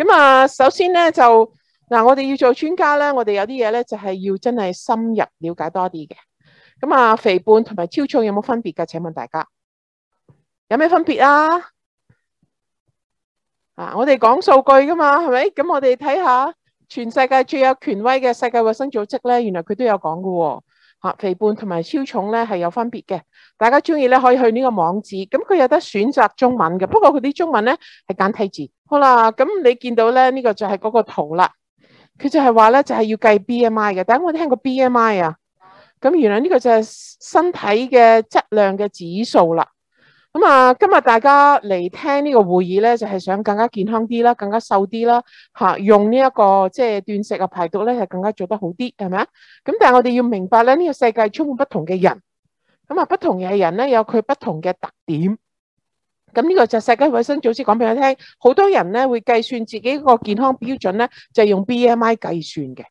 咁啊，首先咧就嗱，我哋要做專家咧，我哋有啲嘢咧就係要真係深入了解多啲嘅。咁啊，肥胖同埋超重有冇分別嘅？請問大家有咩分別啊？啊，我哋講數據噶嘛，係咪？咁我哋睇下全世界最有權威嘅世界衞生組織咧，原來佢都有講嘅喎。嚇，肥胖同埋超重咧係有分別嘅。大家中意咧可以去呢個網址，咁佢有得選擇中文嘅，不過佢啲中文咧係簡體字。好啦，咁你見到咧呢個就係嗰個圖啦，佢就係話咧就係要計 B M I 嘅。但係我聽過 B M I 啊，咁原來呢個就係身體嘅質量嘅指數啦。咁啊，今日大家嚟聽呢個會議咧，就係想更加健康啲啦，更加瘦啲啦，嚇用呢一個即係斷食啊排毒咧，係更加做得好啲，係咪啊？咁但係我哋要明白咧，呢個世界充滿不同嘅人，咁啊不同嘅人咧有佢不同嘅特點。咁呢個就係世界衞生組織講俾我聽，好多人咧會計算自己個健康標準咧，就係用 BMI 計算嘅。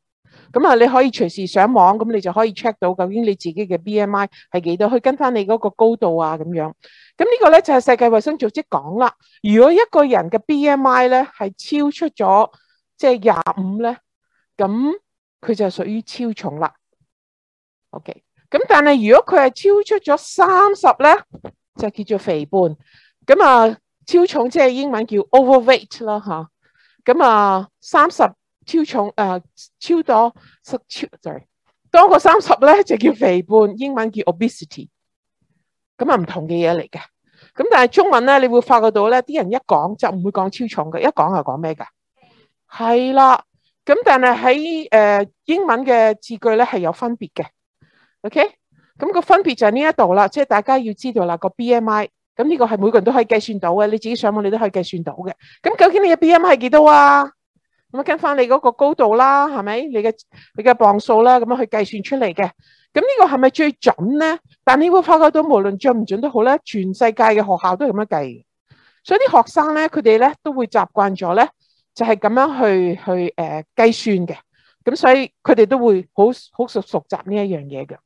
咁啊，你可以隨時上網，咁你就可以 check 到究竟你自己嘅 BMI 係幾多，去跟翻你嗰個高度啊咁樣。咁呢個咧就係世界衞生組織講啦。如果一個人嘅 BMI 咧係超出咗即係廿五咧，咁佢就屬於超重啦。OK，咁但係如果佢係超出咗三十咧，就叫做肥胖。咁啊，超重即係英文叫 overweight 啦，吓咁啊，三十超重誒、啊，超多超，sorry，多過三十咧就叫肥胖，英文叫 obesity。咁啊，唔同嘅嘢嚟嘅。咁但係中文咧，你會發覺到咧，啲人一講就唔會講超重嘅，一講係講咩噶？係啦。咁但係喺誒英文嘅字句咧係有分別嘅。OK，咁個分別就喺呢一度啦，即係大家要知道啦個 BMI。咁、這、呢個係每個人都可以計算到嘅，你自己上網你都可以計算到嘅。咁究竟你嘅 BMI 係幾多啊？咁樣跟翻你嗰個高度啦，係咪？你嘅你嘅磅數啦，咁樣去計算出嚟嘅。咁呢個係咪最準咧？但你會發覺到，無論準唔準都好咧，全世界嘅學校都係咁樣計嘅。所以啲學生咧，佢哋咧都會習慣咗咧，就係咁樣去去誒計、呃、算嘅。咁所以佢哋都會好好熟熟習呢一樣嘢嘅。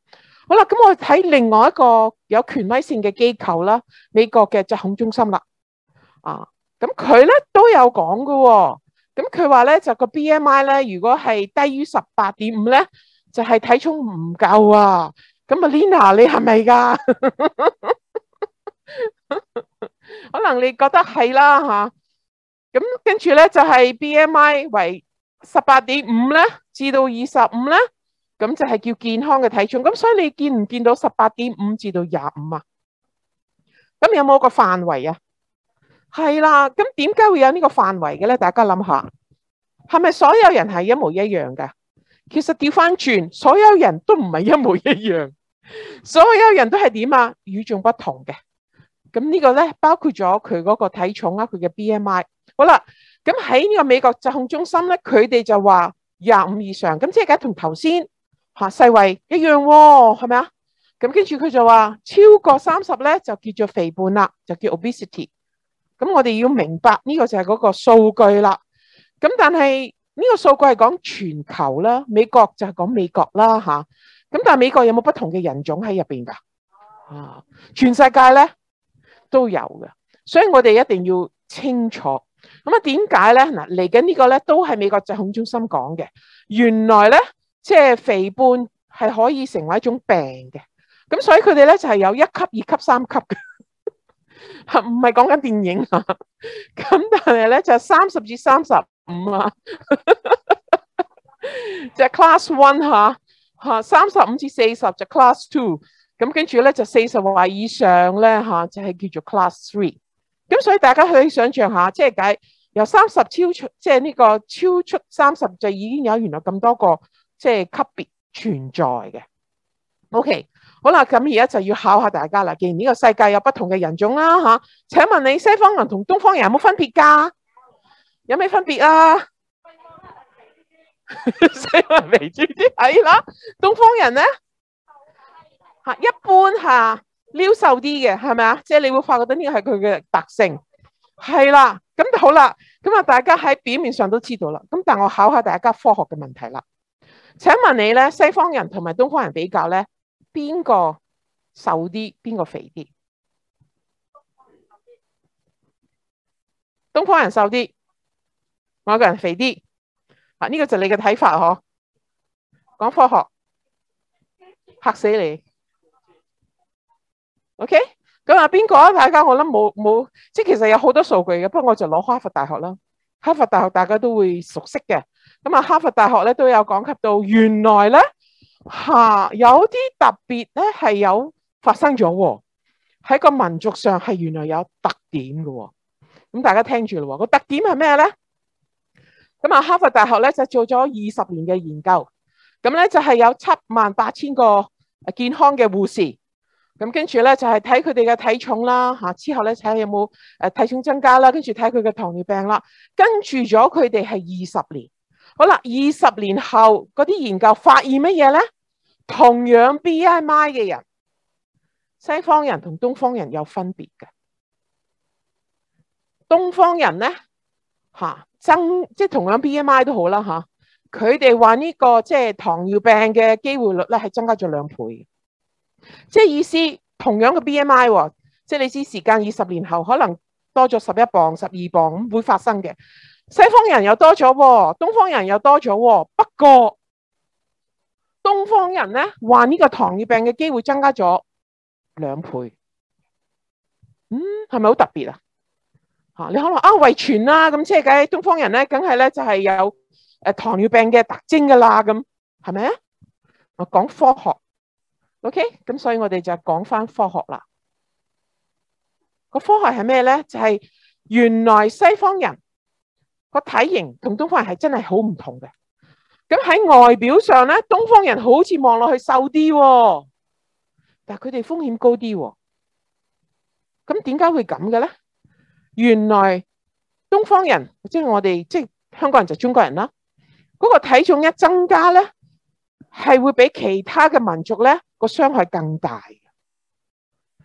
好啦，咁我睇另外一個有權威性嘅機構啦，美國嘅疾控中心啦，啊，咁佢咧都有講噶、喎，咁佢話咧就個、是、BMI 咧，如果係低於十八點五咧，就係體重唔夠啊，咁啊 Lina，你係咪噶？ 可能你覺得係啦吓，咁跟住咧就係、是、BMI 為十八點五咧至到二十五咧。咁就係叫健康嘅體重，咁所以你見唔見到十八點五至到廿五啊？咁有冇個範圍啊？係啦，咁點解會有呢個範圍嘅咧？大家諗下，係咪所有人係一模一樣嘅？其實調翻轉，所有人都唔係一模一樣，所有人都係點啊？與眾不同嘅。咁呢個咧，包括咗佢嗰個體重啊，佢嘅 BMI。好啦，咁喺呢個美國疾控中心咧，佢哋就話廿五以上，咁即係而家同頭先。吓、啊，世衛一樣、哦，係咪啊？咁跟住佢就話超過三十咧，就叫做肥胖啦，就叫 obesity。咁我哋要明白呢、這個就係嗰個數據啦。咁但係呢、這個數據係講全球啦，美國就係講美國啦，吓、啊。咁但係美國有冇不同嘅人種喺入邊噶？啊，全世界咧都有嘅。所以我哋一定要清楚。咁啊，點解咧？嗱，嚟緊呢個咧都係美國疾控中心講嘅。原來咧。即係肥胖係可以成為一種病嘅，咁所以佢哋咧就係、是、有一級、二級、三級嘅，唔係講緊電影嚇。咁但係咧就三、是、十至三十五啊，呵呵就係、class one 嚇、啊、嚇，三十五至四十就係 class two，咁跟住咧就四十或以上咧嚇就係叫做 class three。咁所以大家可以想像下，即係解由三十超出，即係呢個超出三十就已經有原來咁多個。即係級別存在嘅，OK，好啦，咁而家就要考下大家啦。既然呢個世界有不同嘅人種啦，吓，請問你西方人同東方人有冇分別噶？有咩分別啊？西方人肥豬啲係啦，東方人咧吓、嗯、一般吓撩瘦啲嘅係咪啊？即係、就是、你會發覺到呢個係佢嘅特性，係啦，咁就好啦。咁啊，大家喺表面上都知道啦。咁但係我考下大家科學嘅問題啦。請問你咧，西方人同埋東方人比較咧，邊個瘦啲，邊個肥啲？東方人瘦啲，我個人肥啲。啊，呢個就你嘅睇法嗬？講科學，吓死你。OK，咁啊，邊個啊？大家我諗冇冇，即係其實有好多數據嘅，不過我就攞哈佛大學啦。哈佛大學大家都會熟悉嘅。咁啊，哈佛大學咧都有講及到，原來咧嚇有啲特別咧係有發生咗喎，喺個民族上係原來有特點嘅。咁大家聽住啦，個特點係咩咧？咁啊，哈佛大學咧就做咗二十年嘅研究，咁咧就係、誒、有七萬八千個健康嘅護士，咁跟住咧就係睇佢哋嘅體重啦嚇，之後咧睇下有冇誒體重增加啦，跟住睇佢嘅糖尿病啦，跟住咗佢哋係二十年。好啦，二十年後嗰啲研究發現乜嘢咧？同樣 B M I 嘅人，西方人同東方人有分別嘅。東方人咧，吓、增、即係同樣 B M I 都好啦，吓佢哋話呢個即係糖尿病嘅機會率咧係增加咗兩倍。即係意思，同樣嘅 B M I，即係你知時間二十年後可能多咗十一磅、十二磅咁會發生嘅。西方人又多咗，東方人又多咗。不過東方人咧，患呢個糖尿病嘅機會增加咗兩倍。嗯，係咪好特別啊？吓，你可能啊遺傳啦，咁即係，梗係東方人咧，梗係咧就係有誒糖尿病嘅特徵噶啦。咁係咪啊？我講科學，OK，咁所以我哋就講翻科學啦。個科學係咩咧？就係原來西方人。個體型同東方人係真係好唔同嘅，咁喺外表上咧，東方人好似望落去瘦啲，但係佢哋風險高啲，咁點解會咁嘅咧？原來東方人即係我哋即係香港人就中國人啦，嗰個體重一增加咧，係會比其他嘅民族咧個傷害更大。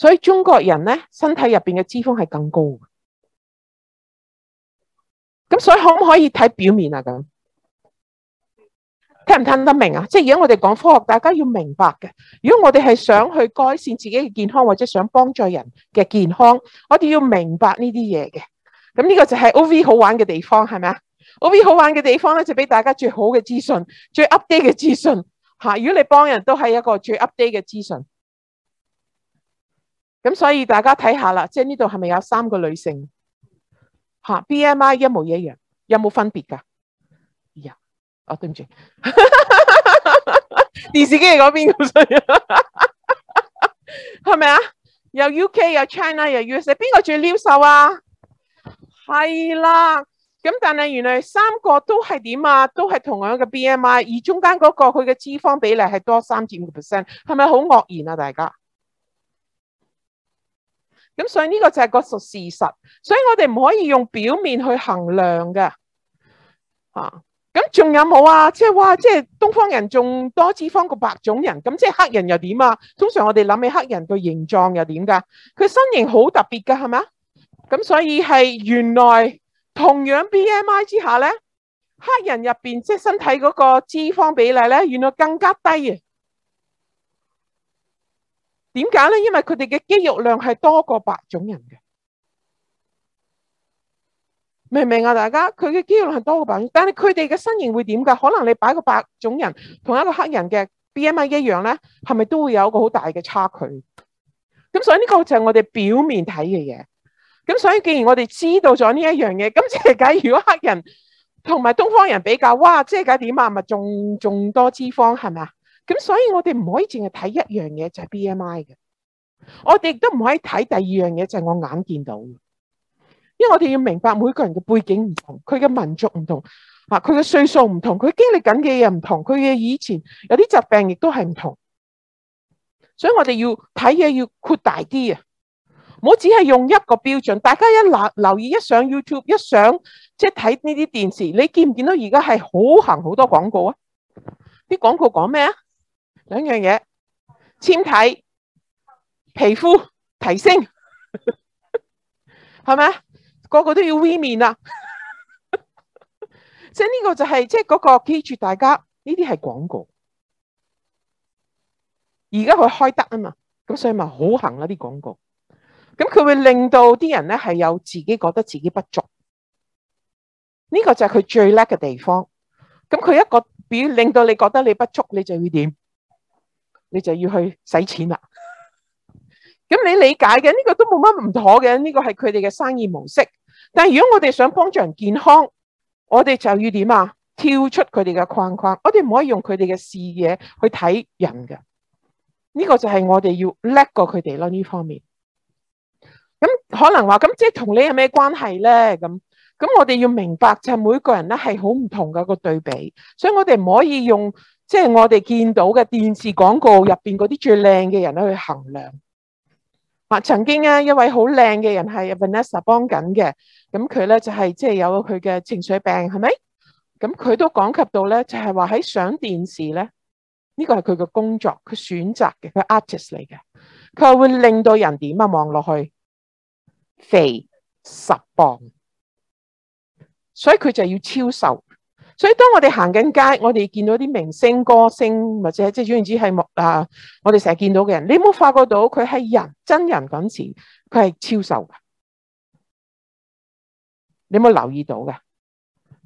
所以中國人咧，身體入邊嘅脂肪係更高嘅，咁所以可唔可以睇表面啊？咁聽唔聽得明啊？即係如果我哋講科學，大家要明白嘅。如果我哋係想去改善自己嘅健康，或者想幫助人嘅健康，我哋要明白呢啲嘢嘅。咁呢個就係 OV 好玩嘅地方，係咪啊？OV 好玩嘅地方咧，就俾大家最好嘅資訊，最 update 嘅資訊。吓，如果你幫人都係一個最 update 嘅資訊。咁所以大家睇下啦，即係呢度係咪有三個女性吓？B M I 一模一樣，有冇分別噶？呀、yeah. oh,，哦對唔住，電視機嗰邊咁衰，係咪啊？又 U K 又 China 又 US，邊個最嬲瘦啊？係啦，咁但係原來三個都係點啊？都係同樣嘅 B M I，而中間嗰、嗰個佢嘅脂肪比例係多三至五個 percent，係咪好愕然啊？大家？咁所以呢個就係個事實，所以我哋唔可以用表面去衡量嘅。嚇，咁仲有冇啊？即係哇，即係東方人仲多脂肪過白種人，咁即係黑人又點啊？通常我哋諗起黑人個形狀又點噶？佢身形好特別嘅，係咪啊？咁所以係原來同樣 BMI 之下咧，黑人入邊即係身體嗰個脂肪比例咧，原來更加低嘅。點解咧？因為佢哋嘅肌肉量係多過白種人嘅，明唔明啊？大家佢嘅肌肉量係多過白種人，但係佢哋嘅身形會點噶？可能你擺個白種人同一個黑人嘅 BMI 一樣咧，係咪都會有一個好大嘅差距？咁所以呢個就係我哋表面睇嘅嘢。咁所以既然我哋知道咗呢一樣嘢，咁即係假如果黑人同埋東方人比較，哇，即係點啊？咪仲仲多脂肪係咪啊？是咁所以我哋唔可以淨係睇一樣嘢就係 BMI 嘅，我哋亦都唔可以睇第二樣嘢就係我眼見到，因為我哋要明白每個人嘅背景唔同，佢嘅民族唔同，佢嘅歲數唔同，佢經歷緊嘅嘢唔同，佢嘅以前有啲疾病亦都係唔同，所以我哋要睇嘢要擴大啲啊！唔好只係用一個標準，大家一留留意一上 YouTube 一上即係睇呢啲電視，你見唔見到而家係好行好多廣告啊？啲廣告講咩啊？兩樣嘢，纖體皮膚提升，係咪啊？個個都要 V 面啊！即係呢個就係即係嗰個，記住大家呢啲係廣告。而家佢開得啊嘛，咁所以咪好行啦，啊、啲廣告。咁佢會令到啲人咧係有自己覺得自己不足。呢、這個就係佢最叻嘅地方。咁佢一個比如令到你覺得你不足，你就會點？你就要去使錢啦，咁你理解嘅呢個都冇乜唔妥嘅，呢個係佢哋嘅生意模式。但係如果我哋想幫助人健康，我哋就要點啊？跳出佢哋嘅框框，我哋唔可以用佢哋嘅視野去睇人嘅。呢個就係我哋要叻過佢哋咯呢方面。咁可能話咁，即係同你有咩關係咧？咁咁，我哋要明白就係每個人咧係好唔同嘅個對比，所以我哋唔可以用。即係我哋見到嘅電視廣告入邊嗰啲最靚嘅人咧去衡量啊！曾經啊，一位好靚嘅人係 Vanessa 幫緊嘅，咁佢咧就係即係有佢嘅情緒病係咪？咁佢都講及到咧，就係話喺上電視咧，呢個係佢嘅工作，佢選擇嘅，佢 artist 嚟嘅，佢會令到人點啊，望落去肥十磅，所以佢就要超瘦。所以當我哋行緊街，我哋見到啲明星、歌星，或者即係總言之係啊，我哋成日見到嘅人，你冇發覺到佢係人真人嗰時，佢係超瘦嘅？你冇留意到嘅？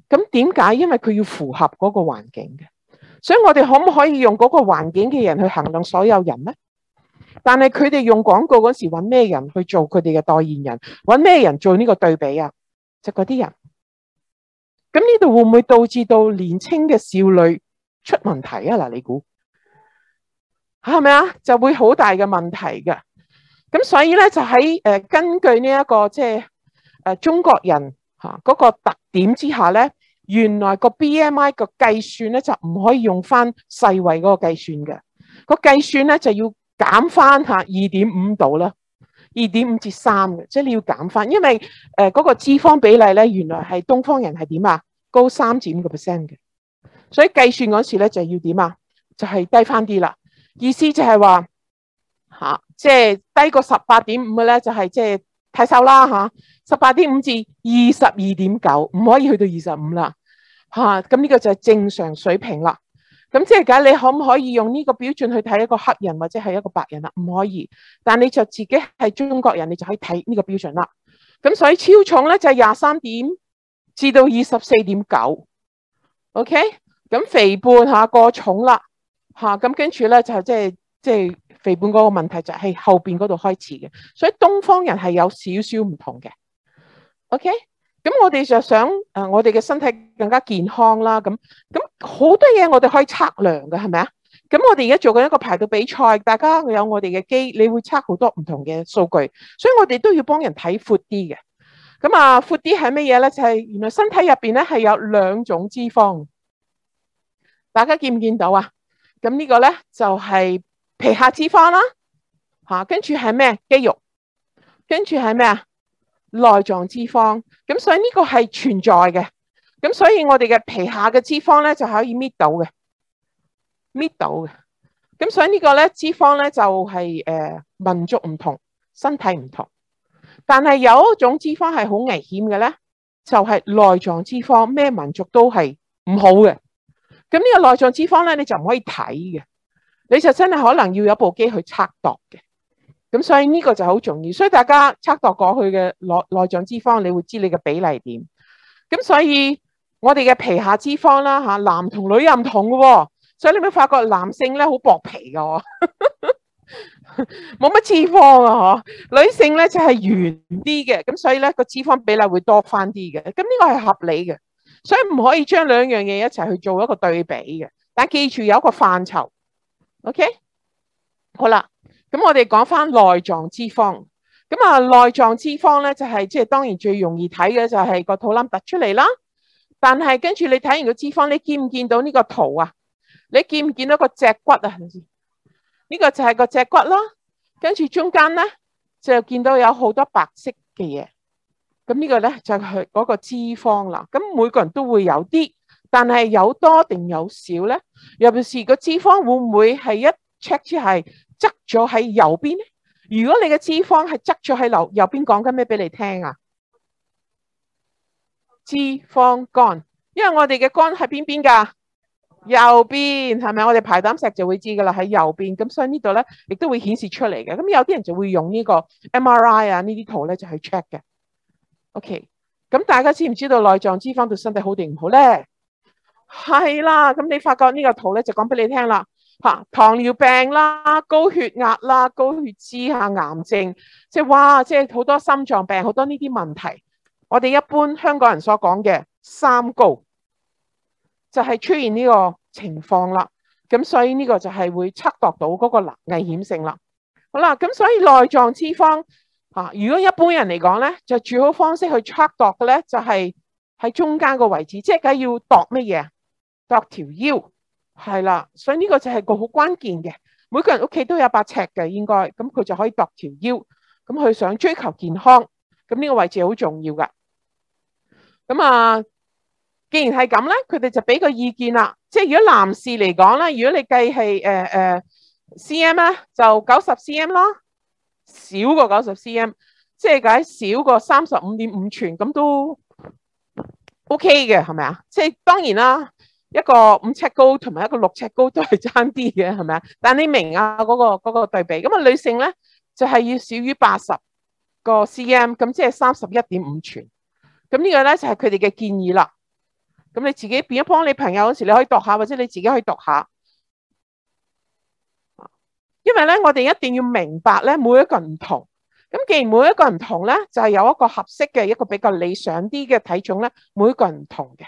咁點解？因為佢要符合嗰個環境嘅，所以我哋可唔可以用嗰個環境嘅人去衡量所有人咧？但係佢哋用廣告嗰時揾咩人去做佢哋嘅代言人？揾咩人做呢個對比啊？就嗰啲人。咁呢度會唔會導致到年輕嘅少女出問題啊？嗱，你估係咪啊？就會好大嘅問題嘅。咁所以咧就喺根據呢、這、一個即係、就是、中國人嗰個特點之下咧，原來個 B M I 個計算咧就唔可以用翻世衛嗰個計算嘅，個計算咧就要減翻下二點五度啦。二點五至三嘅，即係你要減翻，因為誒嗰個脂肪比例咧，原來係東方人係點啊，高三至五個 percent 嘅，所以計算嗰時咧就要點啊，就係低翻啲啦。意思就係話吓，即係低過十八點五嘅咧，就係即係太瘦啦吓。十八點五至二十二點九，唔可以去到二十五啦吓。咁呢個就係正常水平啦。咁即係噶，你可唔可以用呢個標準去睇一個黑人或者係一個白人呀？唔可以，但你就自己係中國人，你就可以睇呢個標準啦。咁所以超重咧就係廿三點至到二十四點九，OK。咁肥胖下過重啦吓，咁跟住咧就即係即係肥胖嗰個問題就係後邊嗰度開始嘅。所以東方人係有少少唔同嘅，OK。咁我哋就想誒，我哋嘅身體更加健康啦。咁咁好多嘢，我哋可以測量嘅，係咪啊？咁我哋而家做緊一個排毒比賽，大家有我哋嘅機，你會測好多唔同嘅數據，所以我哋都要幫人睇闊啲嘅。咁啊，闊啲係乜嘢咧？就係原來身體入邊咧係有兩種脂肪，大家見唔見到啊？咁呢個咧就係皮下脂肪啦，吓，跟住係咩？肌肉，跟住係咩啊？內臟脂肪，咁所以呢個係存在嘅，咁所以我哋嘅皮下嘅脂肪咧就可以搣到嘅，搣到嘅，咁所以這個呢個咧脂肪咧就係、是、誒、呃、民族唔同，身體唔同，但係有一種脂肪係好危險嘅咧，就係、是、內臟脂肪，咩民族都係唔好嘅，咁呢個內臟脂肪咧你就唔可以睇嘅，你就真係可能要有部機去測度嘅。咁所以呢個就好重要，所以大家測度過去嘅內內臟脂肪，你會知你嘅比例點。咁所以我哋嘅皮下脂肪啦，吓男同女又唔同嘅，所以你咪發覺男性咧好薄皮㗎，冇 乜脂肪啊，嗬，女性咧就係圓啲嘅，咁所以咧個脂肪比例會多翻啲嘅。咁呢個係合理嘅，所以唔可以將兩樣嘢一齊去做一個對比嘅。但記住有一個範疇，OK，好啦。咁我哋講翻內臟脂肪，咁啊內臟脂肪咧就係即係當然最容易睇嘅就係個肚腩突出嚟啦。但係跟住你睇完個脂肪，你見唔見到呢個圖啊？你見唔見到個脊骨啊？呢個就係個脊骨啦。跟住中間咧就見到有好多白色嘅嘢，咁呢個咧就係嗰個脂肪啦。咁每個人都會有啲，但係有多定有少咧？尤其是個脂肪會唔會係一 check 出係？側咗喺右邊咧，如果你嘅脂肪係側咗喺右右邊，右邊講緊咩俾你聽啊？脂肪肝，因為我哋嘅肝喺邊邊噶，右邊係咪？我哋排膽石就會知噶啦，喺右邊。咁所以呢度咧，亦都會顯示出嚟嘅。咁有啲人就會用呢個 MRI 啊，呢啲圖咧就去 check 嘅。OK，咁大家知唔知道內臟脂肪對身體好定唔好咧？係啦，咁你發覺呢個圖咧，就講俾你聽啦。吓，糖尿病啦、高血壓啦、高血脂啊、癌症，即係哇，即係好多心臟病、好多呢啲問題。我哋一般香港人所講嘅三高，就係出現呢個情況啦。咁所以呢個就係會測度到嗰個危險性啦。好啦，咁所以內臟脂肪吓，如果一般人嚟講咧，就最好方式去測度嘅咧，就係喺中間個位置，即係梗要度乜嘢？度條腰。係啦，所以呢個就係個好關鍵嘅。每個人屋企都有八尺嘅，應該咁佢就可以度條腰。咁佢想追求健康，咁呢個位置好重要噶。咁啊，既然係咁咧，佢哋就俾個意見啦。即係如果男士嚟講咧，如果你計係誒誒 c m 咧，呃呃、CM，就九十 c m 啦，少過九十 c m，即係解少過三十五點五寸咁都 ok 嘅，係咪啊？即係當然啦。一個五尺高同埋一個六尺高都係差啲嘅，係咪啊？但你明啊，嗰個嗰個對比咁啊，女性咧就係要少於八十個 cm，咁即係三十一點五寸。咁呢個咧就係佢哋嘅建議啦。咁你自己變咗幫你朋友嗰時，你可以度下，或者你自己可以度下。因為咧，我哋一定要明白咧，每一個人唔同。咁既然每一個人唔同咧，就係有一個合適嘅一個比較理想啲嘅體重咧，每一個人唔同嘅。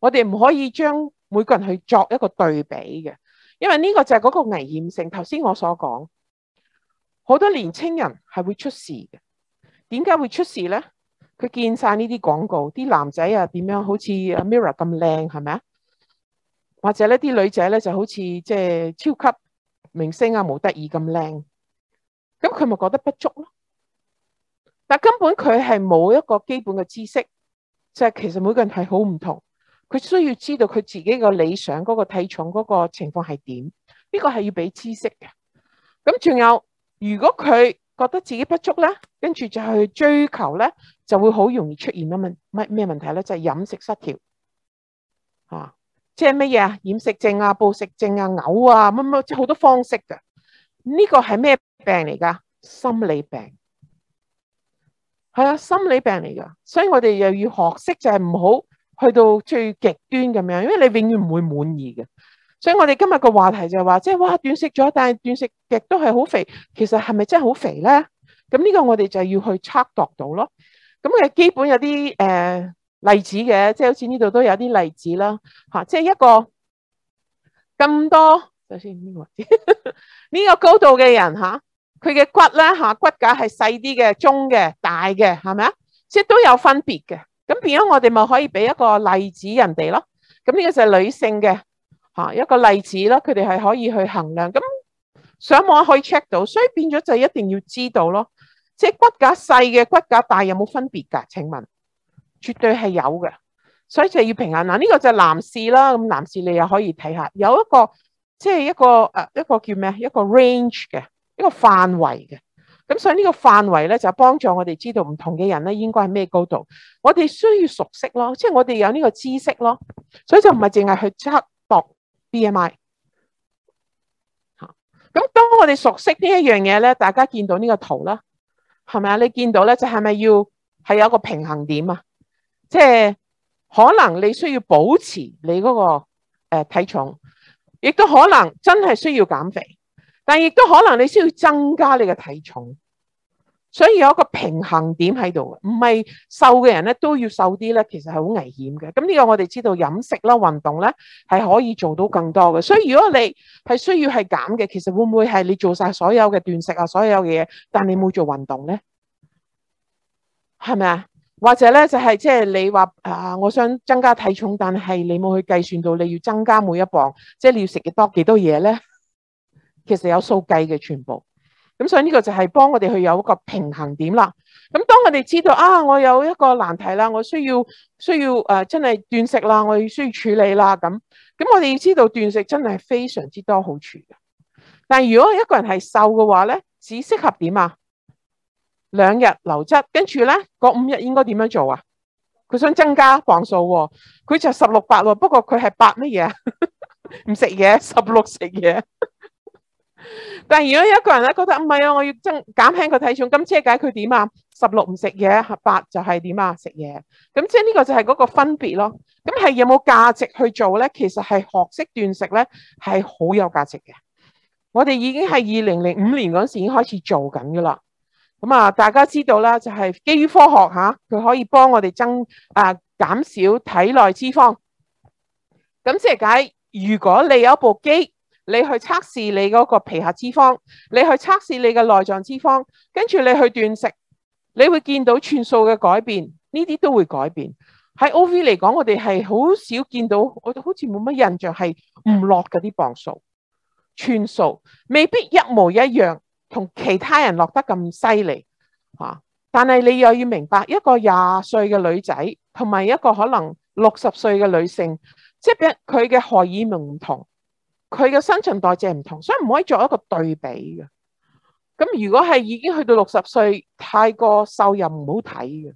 我哋唔可以將。每個人去作一個對比嘅，因為呢個就係嗰個危險性。頭先我所講，好多年輕人係會出事嘅。點解會出事咧？佢見晒呢啲廣告，啲男仔啊點樣好似 Mirror 咁靚，係咪啊？或者咧啲女仔咧就好似即係超級明星啊，model 咁靚，咁佢咪覺得不足咯。但係根本佢係冇一個基本嘅知識，就係其實每個人係好唔同。佢需要知道佢自己個理想嗰個體重嗰個情況係點？呢個係要俾知識嘅。咁仲有，如果佢覺得自己不足咧，跟住就去追求咧，就會好容易出現乜問咩咩問題咧，就係、是、飲食失調啊！即係乜嘢啊？飲食症啊、暴食症啊、嘔、呃、啊、乜、呃、乜，即好多方式噶。呢個係咩病嚟噶？心理病係啊，心理病嚟噶。所以我哋又要學識就係唔好。去到最極端咁樣，因為你永遠唔會滿意嘅，所以我哋今日個話題就係話，即係哇斷食咗，但係斷食極都係好肥，其實係咪真係好肥咧？咁呢個我哋就要去測度到咯。咁嘅基本有啲誒、呃、例子嘅，即係好似呢度都有啲例子啦，即係一個咁多，首先呢個呢、呢個高度嘅人佢嘅骨呢，骨架係細啲嘅、中嘅、大嘅，係咪啊？即係都有分別嘅。咁變咗我哋咪可以俾一個例子人哋咯，咁呢個就係女性嘅吓一個例子咯，佢哋係可以去衡量。咁上網可以 check 到，所以變咗就一定要知道咯。即係骨架細嘅骨架大有冇分別噶？請問絕對係有嘅，所以就要平衡。嗱呢個就係男士啦，咁男士你又可以睇下，有一個即係一個誒一個叫咩啊？一個 range 嘅一個範圍嘅。咁所以呢個範圍咧，就幫助我哋知道唔同嘅人咧應該係咩高度。我哋需要熟悉咯，即係我哋有呢個知識咯。所以就唔係淨係去測度 BMI。嚇！咁當我哋熟悉呢一樣嘢咧，大家見到呢個圖啦，係咪啊？你見到咧就係咪要係有一個平衡點啊？即係可能你需要保持你嗰個誒體重，亦都可能真係需要減肥。但亦都可能你需要增加你嘅體重，所以有一個平衡點喺度嘅，唔係瘦嘅人咧都要瘦啲咧，其實係好危險嘅。咁呢個我哋知道飲食啦，運動咧係可以做到更多嘅。所以如果你係需要係減嘅，其實會唔會係你做晒所有嘅斷食啊，所有嘅嘢，但你冇做運動咧，係咪啊？或者咧就係即係你話啊、呃，我想增加體重，但係你冇去計算到你要增加每一磅，即係你要食嘅多幾多嘢咧？其實有數計嘅全部，咁所以呢個就係幫我哋去有一個平衡點啦。咁當我哋知道啊，我有一個難題啦，我需要需要誒、呃，真係斷食啦，我需要處理啦。咁咁我哋要知道斷食真係非常之多好處嘅。但係如果一個人係瘦嘅話咧，只適合點啊？兩日流質，跟住咧，嗰五日應該點樣做啊？佢想增加磅數喎，佢就十六八喎。不過佢係八乜嘢啊？唔食嘢，十六食嘢。但係，如果有一個人咧覺得唔係啊，我要增減輕個體重，咁即係解佢點啊？十六唔食嘢，八就係點啊？食嘢，咁即係呢個就係嗰個分別咯。咁係有冇價值去做咧？其實係學識斷食咧，係好有價值嘅。我哋已經係二零零五年嗰時已經開始做緊噶啦。咁啊，大家知道啦，就係基於科學吓，佢可以幫我哋增、啊減少體內脂肪。咁即係解，如果你有部機。你去測試你嗰個皮下脂肪，你去測試你嘅內臟脂肪，跟住你去斷食，你會見到寸數嘅改變，呢啲都會改變。喺 O V 嚟講，我哋係好少見到，我哋好似冇乜印象係唔落嘅啲磅數、寸、嗯、數，未必一模一樣，同其他人落得咁犀利嚇。但係你又要明白，一個廿歲嘅女仔同埋一個可能六十歲嘅女性，即係佢嘅荷爾蒙唔同。佢嘅新陳代謝唔同，所以唔可以作一個對比嘅。咁如果係已經去到六十歲，太過瘦又唔好睇嘅，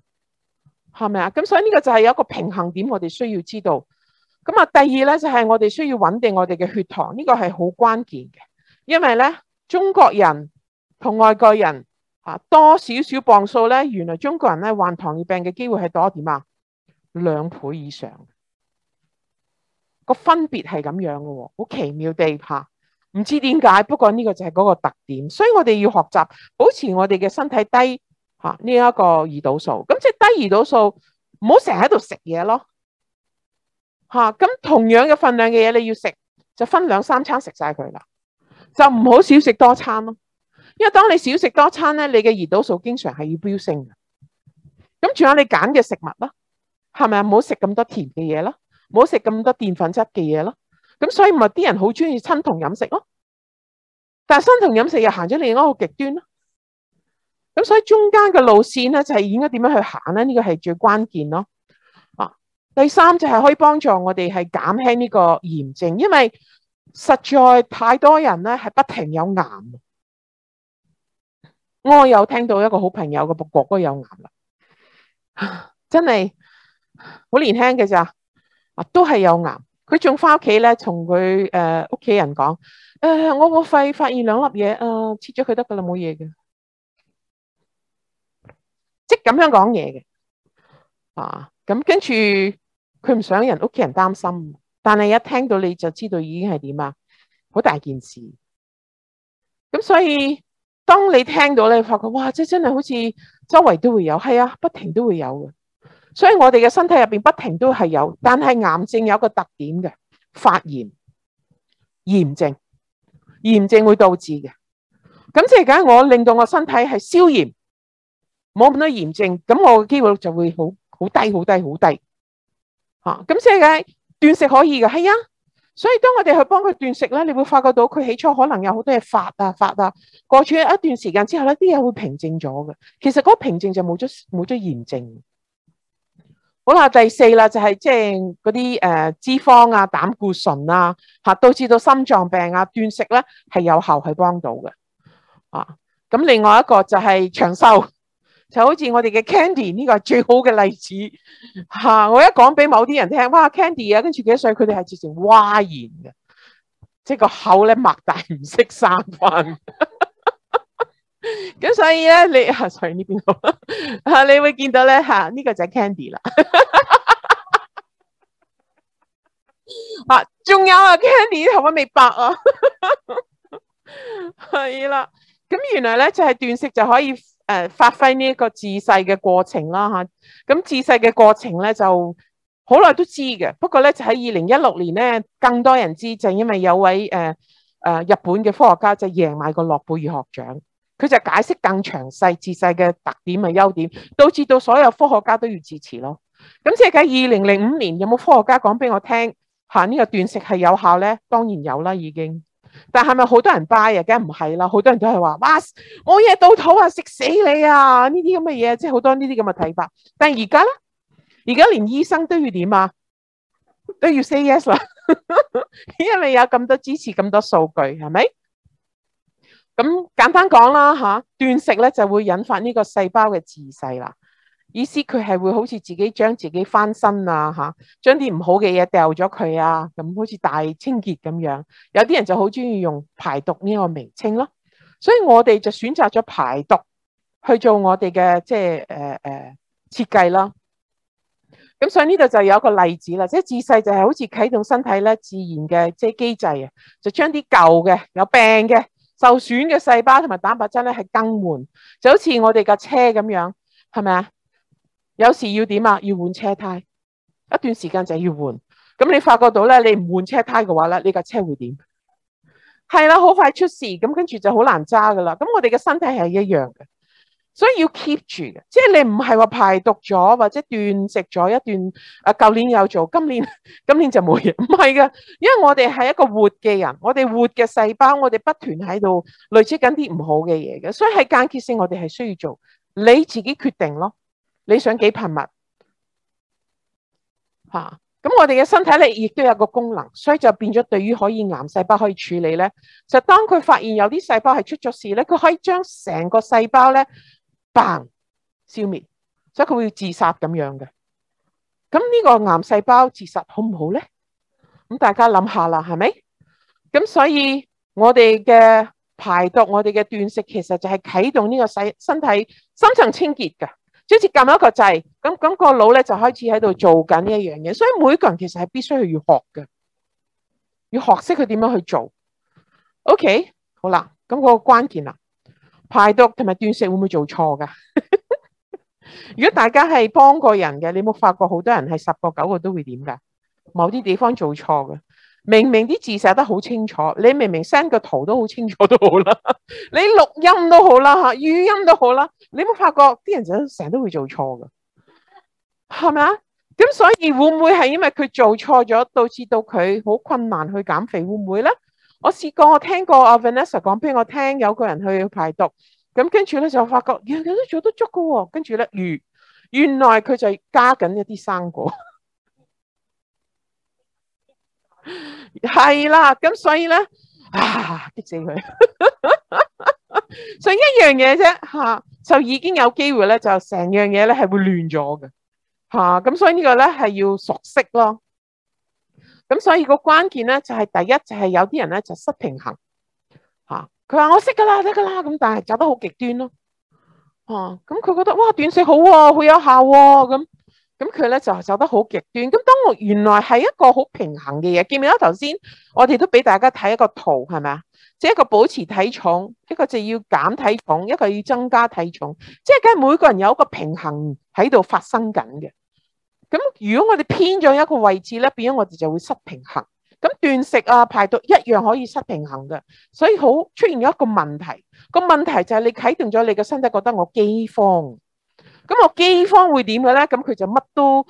係咪啊？咁所以呢個就係有一個平衡點，我哋需要知道。咁啊，第二咧就係我哋需要穩定我哋嘅血糖，呢個係好關鍵嘅。因為咧，中國人同外國人吓多少少磅數咧，原來中國人咧患糖尿病嘅機會係多點啊，兩倍以上。個分別係咁樣嘅喎，好奇妙地吓，唔知點解。不過呢個就係嗰個特點，所以我哋要學習保持我哋嘅身體低吓呢一個胰島素。咁即係低胰島素，唔好成日喺度食嘢咯吓。咁同樣嘅份量嘅嘢，你要食就分兩三餐食晒佢啦，就唔好少食多餐咯。因為當你少食多餐咧，你嘅胰島素經常係要飆升嘅。咁仲有你揀嘅食物啦，係咪啊？唔好食咁多甜嘅嘢咯。唔好食咁多澱粉質嘅嘢咯，咁所以咪啲人好中意生酮飲食咯。但係生酮飲食又行咗另一個極端咯。咁所以中間嘅路線咧，就係應該點樣去行咧？呢個係最關鍵咯。啊，第三就係、是、可以幫助我哋係減輕呢個炎症，因為實在太多人咧係不停有癌。我有聽到一個好朋友嘅哥哥有癌啦，真係好年輕嘅咋～啊，都係有癌，佢仲翻屋企咧，同佢誒屋企人講，誒、呃、我個肺發現兩粒嘢啊，呃，切咗佢得噶啦，冇嘢嘅，即係咁樣講嘢嘅。啊，咁跟住佢唔想人屋企人擔心，但係一聽到你就知道已經係點啊，好大件事，咁所以當你聽到咧，你發覺哇，即真係好似周圍都會有，係啊，不停都會有嘅。所以我哋嘅身體入邊不停都係有，但係癌症有一個特點嘅發炎，炎症，炎症會導致嘅。咁即係解，我令到我身體係消炎，冇咁多炎症，咁我嘅機會就會好好低，好低，好低。吓咁即係解，斷食可以嘅，係啊。所以當我哋去幫佢斷食咧，你會發覺到佢起初可能有好多嘢發啊發啊，過去一段時間之後咧，啲嘢會平靜咗嘅。其實嗰個平靜就冇咗冇咗炎症。好啦，第四啦就係即係嗰啲誒脂肪啊、膽固醇啊，吓，導致到心臟病啊、斷食咧係有效去幫到嘅。啊，咁另外一個就係長壽，就好似我哋嘅 Candy 呢個係最好嘅例子吓。我一講俾某啲人聽，哇 Candy 啊，跟住幾多歲，佢哋係做成嘩然嘅，即係個口咧擘大唔識三分。咁所以咧，你啊，坐呢邊好啊，你會見到咧，吓呢個就係 Candy 啦。啊，仲、啊啊這個啊、有啊，Candy 頭髮未白啊，係、啊、啦。咁原來咧就係斷食就可以誒、呃、發揮呢一個自細嘅過程啦。吓、啊、咁自細嘅過程咧就好耐都知嘅，不過咧就喺二零一六年咧，更多人知道就是、因為有位誒誒、呃呃、日本嘅科學家就贏、是、埋個諾貝爾學獎。佢就解釋更詳細、仔細嘅特點嘅優點，導致到所有科學家都要支持咯。咁即係喺二零零五年，有冇科學家講俾我聽吓呢個斷食係有效咧？當然有啦，已經。但係咪好多人 buy 啊？梗係唔係啦，好多人都係話，哇！我嘢到肚啊，食死你啊！呢啲咁嘅嘢，即係好多呢啲咁嘅睇法。但係而家咧，而家連醫生都要點啊？都要 say yes 啦， 因為有咁多支持，咁多數據，係咪？咁簡單講啦吓，斷食咧就會引發呢個細胞嘅自噬啦，意思佢係會好似自己將自己翻身啊吓，將啲唔好嘅嘢掉咗佢啊，咁好似大清潔咁樣。有啲人就好中意用排毒呢個名稱咯，所以我哋就選擇咗排毒去做我哋嘅即係誒誒設計啦。咁、呃、所以呢度就有一個例子啦，即係自噬就係好似啟動身體咧自然嘅即係機制啊，就將啲舊嘅有病嘅。受損嘅細胞同埋蛋白質咧係更換，就好似我哋架車咁樣，係咪啊？有時要點啊？要換車胎，一段時間就要換。咁你發覺到咧，你唔換車胎嘅話咧，呢架車會點？係啦，好快出事，咁跟住就好難揸噶啦。咁我哋嘅身體係一樣嘅。所以要 keep 住嘅，即係你唔係話排毒咗或者斷食咗一段。啊，舊年有做，今年今年就冇嘢。唔係嘅，因為我哋係一個活嘅人，我哋活嘅細胞，我哋不斷喺度累積緊啲唔好嘅嘢嘅，所以係間歇性我哋係需要做。你自己決定咯，你想幾頻密吓？咁、啊、我哋嘅身體咧，亦都有個功能，所以就變咗對於可以癌細胞可以處理咧，就當佢發現有啲細胞係出咗事咧，佢可以將成個細胞咧。爆消滅，所以佢會自殺咁樣嘅。咁呢個癌細胞自殺好唔好咧？咁大家諗下啦，係咪？咁所以我哋嘅排毒，我哋嘅斷食，其實就係啟動呢個細身體深層清潔嘅，好似撳一個掣。咁咁個腦咧就開始喺度做緊呢樣嘢。所以每個人其實係必須去要學嘅，要學識佢點樣去做。OK，好啦，咁個關鍵啦。排毒同埋斷食會唔會做錯㗎？ 如果大家係幫過人嘅，你冇發覺好多人係十個九個都會點㗎？某啲地方做錯嘅，明明啲字寫得好清楚，你明明 send 個圖都好清楚都好啦，你錄音都好啦嚇，語音都好啦，你冇發覺啲人成日都會做錯㗎，係咪啊？咁所以會唔會係因為佢做錯咗，導致到佢好困難去減肥？會唔會咧？我試過，我聽過阿 Vanessa 講俾我聽，有個人去排毒，咁跟住咧就發覺，樣樣都做得足㗎喎。跟住咧如原來佢就加緊一啲生果，係啦。咁所以咧啊激死佢！所以一樣嘢啫嚇，就已經有機會咧，就成樣嘢咧係會亂咗嘅嚇。咁所以呢個咧係要熟悉咯。咁所以個關鍵咧就係、是、第一就係、是、有啲人咧就失平衡吓，佢、啊、話我識噶啦得噶啦，咁但係走得好極端咯，哦、啊，咁佢覺得哇斷食好喎，啊，好有效喎，啊，咁咁佢咧就走得好極端，咁當我原來係一個好平衡嘅嘢，見唔見到？頭先，我哋都俾大家睇一個圖係咪啊？即係、就是、一個保持體重，一個就要減體重，一個要增加體重，即係梗係每個人有一個平衡喺度發生緊嘅。咁如果我哋偏咗一個位置咧，變咗我哋就會失平衡。咁斷食啊、排毒一樣可以失平衡嘅，所以好出現咗一個問題。個問題就係你啟動咗你嘅身體，覺得我飢荒，咁我飢荒會點嘅咧？咁佢就乜都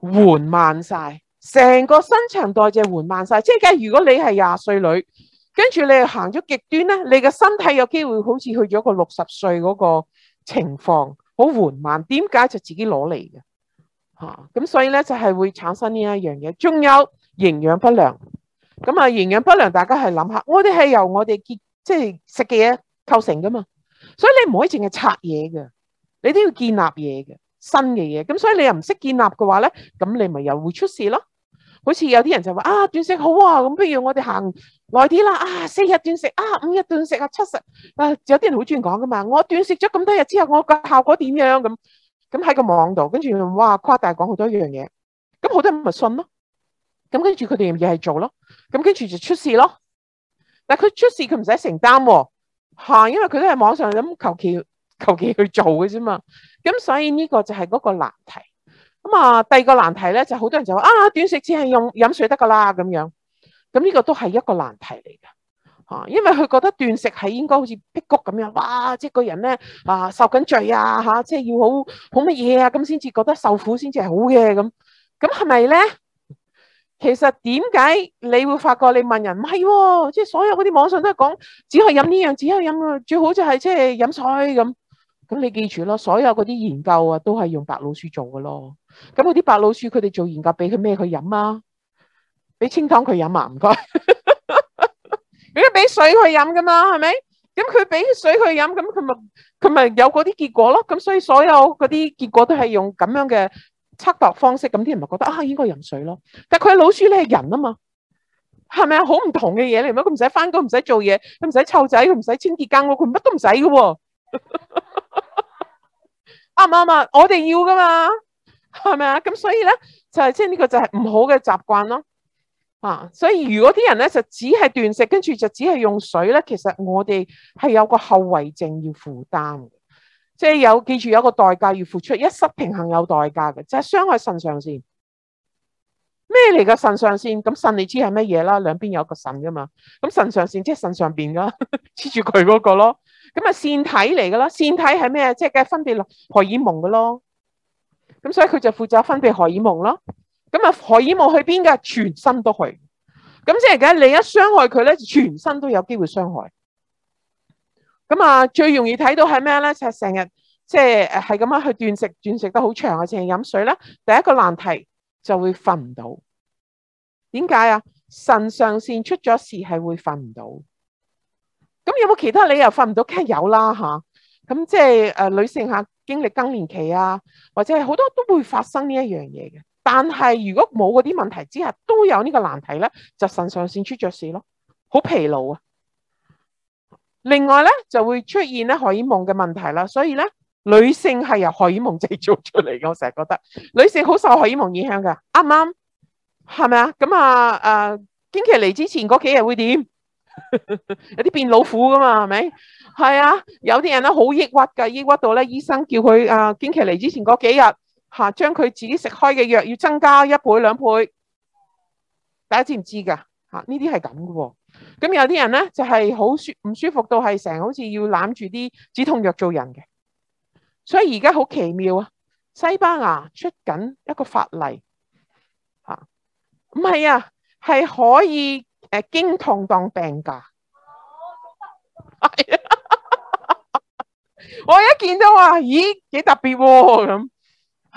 緩慢晒，成個新陳代謝緩慢晒。即係，如果你係廿歲女，跟住你行咗極端咧，你嘅身體有機會好似去咗個六十歲嗰個情況，好緩慢。點解就自己攞嚟嘅？吓、啊，咁所以咧就係、是、會產生呢一樣嘢，仲有營養不良。咁、嗯、啊，營養不良，大家係諗下，我哋係由我哋結，即係食嘅嘢構成噶嘛，所以你唔可以淨係拆嘢嘅，你都要建立嘢嘅新嘅嘢。咁所以你又唔識建立嘅話咧，咁你咪又會出事咯。好似有啲人就話啊斷食好啊，咁不如我哋行耐啲啦，啊四日斷食，啊五日斷食啊七日，啊，日啊有啲人好中意講噶嘛，我斷食咗咁多日之後，我個效果點樣咁？咁喺個網度，跟住哇誇大講好多樣嘢，咁好多人咪信咯。咁跟住佢哋又係做咯，咁跟住就出事咯。但係佢出事佢唔使承擔喎，因為佢都係網上咁求其求其去做嘅啫嘛。咁所以呢個就係嗰個難題。咁啊第二個難題咧，就好多人就話啊短食只係用飲水得噶啦咁樣。咁、這、呢個都係一個難題嚟噶。吓，因為佢覺得斷食係應該好似辟谷咁樣，哇！即係個人咧啊，受緊罪啊吓、啊，即係要好好乜嘢啊，咁先至覺得受苦先至係好嘅咁。咁係咪咧？其實點解你會發覺你問人唔係、啊？即係所有嗰啲網上都係講，只可以飲呢樣，只可以飲啊，最好就係即係飲水咁。咁你記住咯，所有嗰啲研究啊，都係用白老鼠做噶咯。咁嗰啲白老鼠佢哋做研究，俾佢咩佢飲啊？俾清湯佢飲啊？唔該。如果俾水佢飲噶嘛，係咪？咁佢俾水佢飲，咁佢咪佢咪有嗰啲結果咯？咁所以所有嗰啲結果都係用咁樣嘅測度方式，咁啲人咪覺得啊，應該飲水咯。但係佢老鼠，你係人啊嘛，係咪啊？好唔同嘅嘢嚟咯，佢唔使翻工，唔使做嘢，唔使湊仔，唔使清潔間屋，佢乜都唔使噶喎。啱唔啱啊？我哋要噶嘛，係咪啊？咁所以咧，就係即係呢個就係唔好嘅習慣咯。啊，所以如果啲人咧就只係斷食，跟住就只係用水咧，其實我哋係有個後遺症要負擔嘅，即係有記住有個代價要付出，一失平衡有代價嘅，就係傷害腎上腺。咩嚟嘅腎上腺？咁腎你知係乜嘢啦？兩邊有一個腎噶嘛，咁腎上腺即係腎上邊噶，黐住佢嗰個咯，咁啊腺體嚟噶咯，腺體係咩？即係嘅分泌荷爾蒙噶咯，咁所以佢就負責分泌荷爾蒙咯。咁啊，可以冇去邊噶，全身都去。咁即係，而家你一傷害佢咧，全身都有機會傷害。咁啊，最容易睇到係咩咧？就成日即係誒，係、就、咁、是、樣去斷食，斷食得好長啊，淨係飲水啦。第一個難題就會瞓唔到。點解啊？腎上腺出咗事係會瞓唔到。咁有冇其他理由瞓唔到？梗係有啦吓。咁即係誒，女性客經歷更年期啊，或者係好多都會發生呢一樣嘢嘅。但係如果冇嗰啲問題之下，都有呢個難題咧，就腎上腺出着事咯，好疲勞啊。另外咧就會出現咧荷爾蒙嘅問題啦，所以咧女性係由荷爾蒙製造出嚟嘅，我成日覺得女性好受荷爾蒙影響嘅。啱啱係咪啊？咁啊誒，經期嚟之前嗰幾日會點？ 有啲變老虎噶嘛，係咪？係啊，有啲人咧好抑鬱嘅，抑鬱到咧醫生叫佢誒經期嚟之前嗰幾日。吓，將佢自己食開嘅藥要增加一倍兩倍，大家知唔知噶？吓，呢啲係咁嘅，咁有啲人咧就係好舒唔舒服到係成日，好似要攬住啲止痛藥做人嘅。所以而家好奇妙啊！西班牙出緊一個法例，吓，唔係啊，係可以誒，經痛當病假。 我一見到話，咦，幾特別喎咁。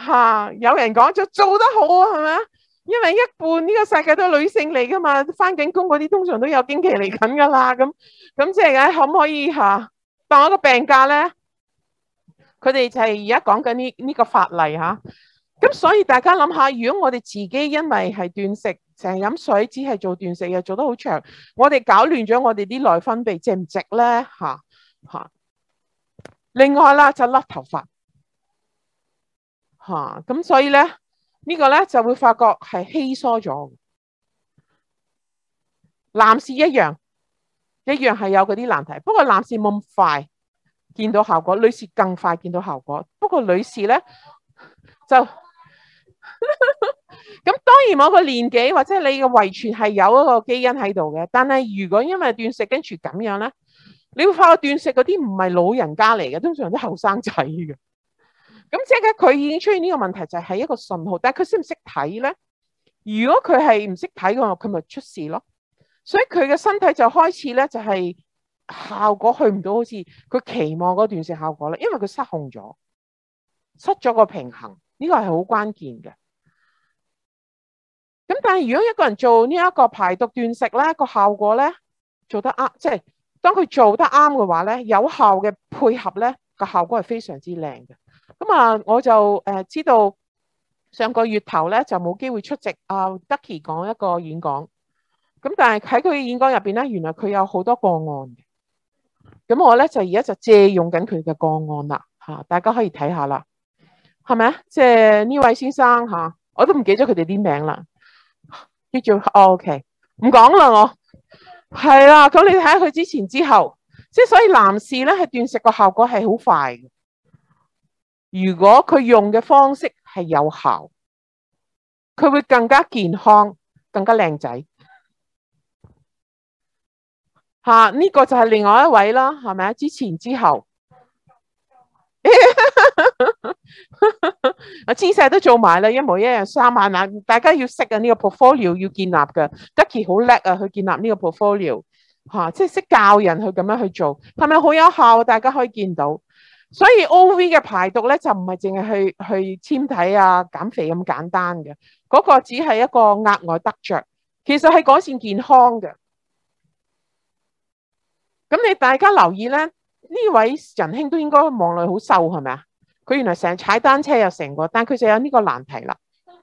吓，有人講就做，做得好啊，係咪啊？因為一半呢個世界都係女性嚟噶嘛，返緊工嗰啲通常都有經期嚟緊噶啦，咁咁即係嘅，可唔可以吓、啊、當一個病假咧？佢哋就係而家講緊呢呢個法例吓，咁、啊、所以大家諗下，如果我哋自己因為係斷食，成日飲水，只係做斷食又做得好長，我哋搞亂咗我哋啲內分泌值唔值咧？吓、啊、吓、啊，另外啦，就甩頭髮。吓、啊、咁所以咧呢、呢個咧就會發覺係稀疏咗。男士一樣一樣係有嗰啲難題，不過男士冇咁快見到效果，女士更快見到效果。不過女士咧就咁 當然某個年紀或者你嘅遺傳係有一個基因喺度嘅，但係如果因為斷食跟住咁樣咧，你會發覺斷食嗰啲唔係老人家嚟嘅，通常都後生仔嘅。咁即係佢已經出現呢個問題，就係一個信號。但係佢識唔識睇咧？如果佢係唔識睇嘅話，佢咪出事咯。所以佢嘅身體就開始咧，就係效果去唔到，好似佢期望嗰斷食效果啦。因為佢失控咗，失咗個平衡，呢個係好關鍵嘅。咁但係如果一個人做呢一個排毒斷食咧，個效果咧做得啱，即係當佢做得啱嘅話咧，有效嘅配合咧，個效果係非常之靚嘅。咁啊，我就誒知道上個月頭咧就冇機會出席啊，Ducky 講一個演講。咁但係喺佢演講入面咧，原來佢有好多個案。咁我咧就而家就借用緊佢嘅個案啦，吓大家可以睇下啦，係咪？即係呢位先生吓，我都唔記咗佢哋啲名啦。叫、哦、做 OK，唔講啦我。係啦，咁你睇下佢之前之後，即係所以男士咧係斷食個效果係好快嘅。如果佢用嘅方式係有效，佢會更加健康，更加靚仔。吓、啊、呢、這個就係另外一位啦，係咪啊？之前之後，啊，姿勢都做埋啦，一模一樣，三萬眼。大家要識啊，呢、這個 portfolio 要建立嘅。Ducky 好叻啊，去建立呢個 portfolio，吓、啊、即係識教人去咁樣去做，係咪好有效、啊？大家可以見到。所以 O V 嘅排毒咧就唔係淨係去去纖體啊減肥咁簡單嘅，嗰、那個只係一個額外得着，其實係改善健康嘅。咁你大家留意咧，呢位仁兄都應該望落去好瘦係咪啊？佢原來成日踩單車又成個，但佢就有呢個難題了、嗯、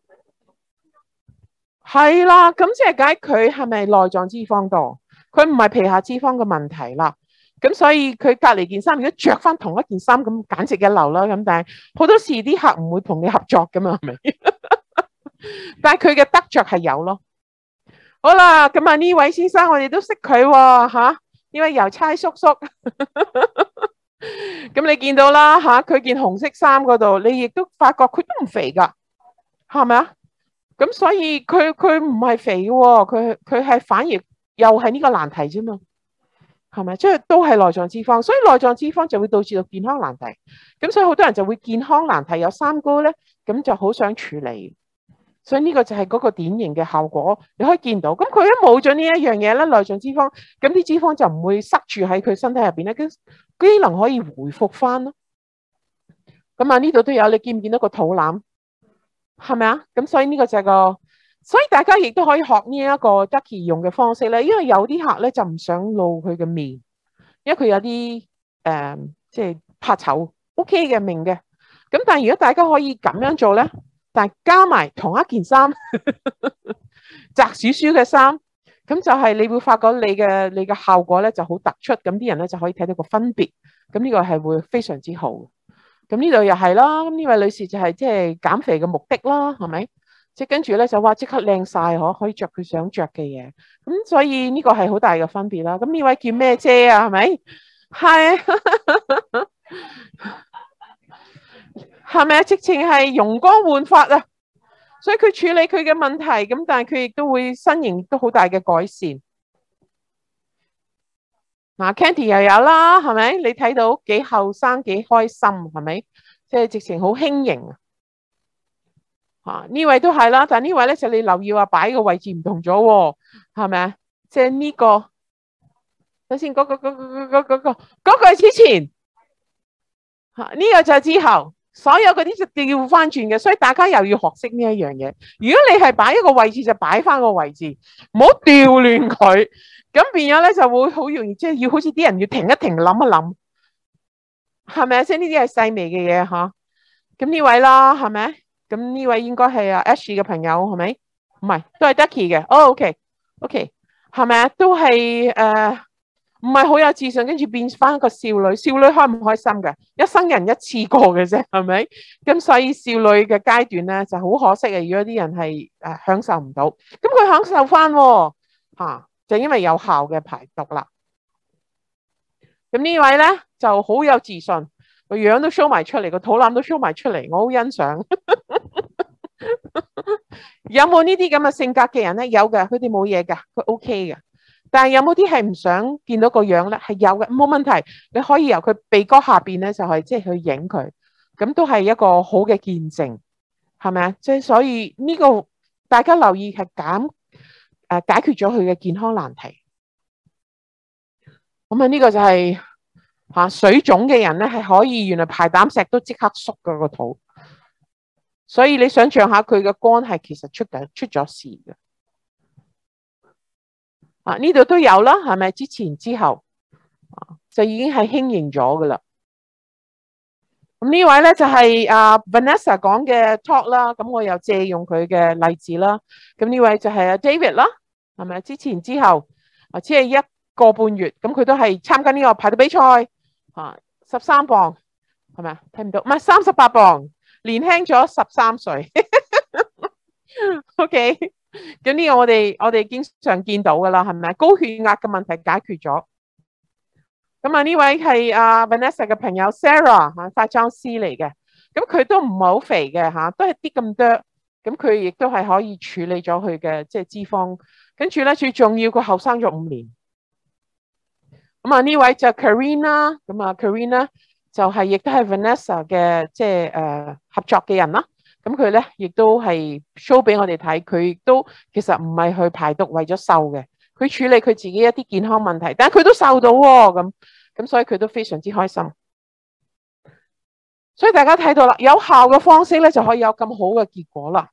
是啦。係啦，咁即係解佢係咪內臟脂肪多？佢唔係皮下脂肪嘅問題啦。咁所以佢隔籬件衫如果着翻同一件衫咁，簡直一流啦。咁但係好多時啲客唔會同你合作噶嘛，係咪？ 但係佢嘅得着係有咯。好啦，咁啊呢位先生，我哋都識佢吓，呢、啊、位郵差叔叔。咁 你見到啦吓，佢、啊、件紅色衫嗰度，你亦都發覺佢都唔肥噶，係咪啊？咁所以佢佢唔係肥，佢佢係反而又係呢個難題啫嘛。係咪？即係都係內臟脂肪，所以內臟脂肪就會導致到健康難題。咁所以好多人就會健康難題有三高咧，咁就好想處理。所以呢個就係嗰個典型嘅效果，你可以見到。咁佢一冇咗呢一樣嘢咧，內臟脂肪，咁啲脂肪就唔會塞住喺佢身體入邊咧，跟機能可以回復翻咯。咁啊，呢度都有，你見唔見到個肚腩？係咪啊？咁所以呢個就係個。所以大家亦都可以學呢一個 Ducky 用嘅方式咧，因為有啲客咧就唔想露佢嘅面，因為佢有啲誒即係怕醜。OK 嘅，明嘅。咁但係如果大家可以咁樣做咧，但係加埋同一件衫，窄少少嘅衫，咁就係你會發覺你嘅你嘅效果咧就好突出，咁啲人咧就可以睇到個分別。咁呢個係會非常之好的。咁呢度又係啦，咁呢位女士就係即係減肥嘅目的啦，係咪？即跟住咧就哇，即刻靚晒，可可以着佢想着嘅嘢，咁所以呢個係好大嘅分別啦。咁呢位叫咩姐啊？係咪？係，係咪啊？ 直情係容光煥發啊！所以佢處理佢嘅問題，咁但係佢亦都會身形都好大嘅改善。嗱，Candy 又有啦，係咪？你睇到幾後生幾開心，係咪？即係直情好輕盈。啊呢位都係啦，但係呢位咧就你留意話，擺個位置唔同咗，係咪啊？即係呢個首先嗰個嗰嗰嗰個嗰、嗰個係、嗰個、之前，吓、啊、呢、呢個就之後，所有嗰啲就調翻轉嘅，所以大家又要學識呢一樣嘢。如果你係擺一個位置就擺翻個位置，唔好調亂佢，咁變咗咧就會好容易，即、就、係、是、要好似啲人要停一停諗一諗，係咪先？即呢啲係細微嘅嘢吓，咁、啊、呢位啦，係咪？咁呢位應該係阿 H 嘅朋友係咪？唔係，都係 Ducky 嘅。哦，OK，OK，係咪啊？都係誒，唔係好有自信，跟住變翻個少女。少女開唔開心噶？一生人一次過嘅啫，係咪？咁所以少女嘅階段咧就好可惜啊，如果啲人係誒享受唔到，咁佢享受翻吓，就因為有效嘅排毒啦。咁呢位咧就好有自信。個樣都 show 埋出嚟，個肚腩都 show 埋出嚟，我好欣賞。 有冇呢啲咁嘅性格嘅人咧？有嘅，佢哋冇嘢㗎，佢 OK 嘅。但係有冇啲係唔想見到個樣咧？係有嘅，冇問題。你可以由佢鼻哥下邊咧，就係即係去影佢，咁都係一個好嘅見證，係咪啊？即係所以呢個大家留意係減誒，解決咗佢嘅健康難題。咁啊，呢個就係。吓、啊、水腫嘅人咧係可以，原來排膽石都即刻縮嗰個肚，所以你想象下佢嘅肝係其實出緊出咗事嘅。啊，呢度都有啦，係咪之前之後就已經係輕盈咗噶啦？咁呢位咧就係、是、阿、啊、Vanessa 講嘅 talk 啦，咁我又借用佢嘅例子啦。咁呢位就係阿 David 啦，係咪之前之後啊只係一個半月，咁佢都係參加呢個排隊比賽。啊，十三磅係咪啊？睇唔到，唔係三十八磅，年輕咗十三歲。 OK，咁呢個我哋我哋經常見到噶啦，係咪啊？高血壓嘅問題解決咗。咁啊，呢位係阿 Vanessa 嘅朋友 Sarah，吓化妝師嚟嘅。咁佢都唔係好肥嘅吓，都係啲咁多。咁佢亦都係可以處理咗佢嘅即係脂肪，跟住咧最重要佢後生咗五年。咁啊呢位就 Karina 啦，咁啊 Karina 咧就係亦都係 Vanessa 嘅即係，誒合作嘅人啦。咁佢咧亦都係 show 俾我哋睇，佢亦都其實唔係去排毒為咗瘦嘅，佢處理佢自己一啲健康問題，但係佢都瘦到喎。咁咁所以佢都非常之開心。所以大家睇到啦，有效嘅方式咧就可以有咁好嘅結果啦。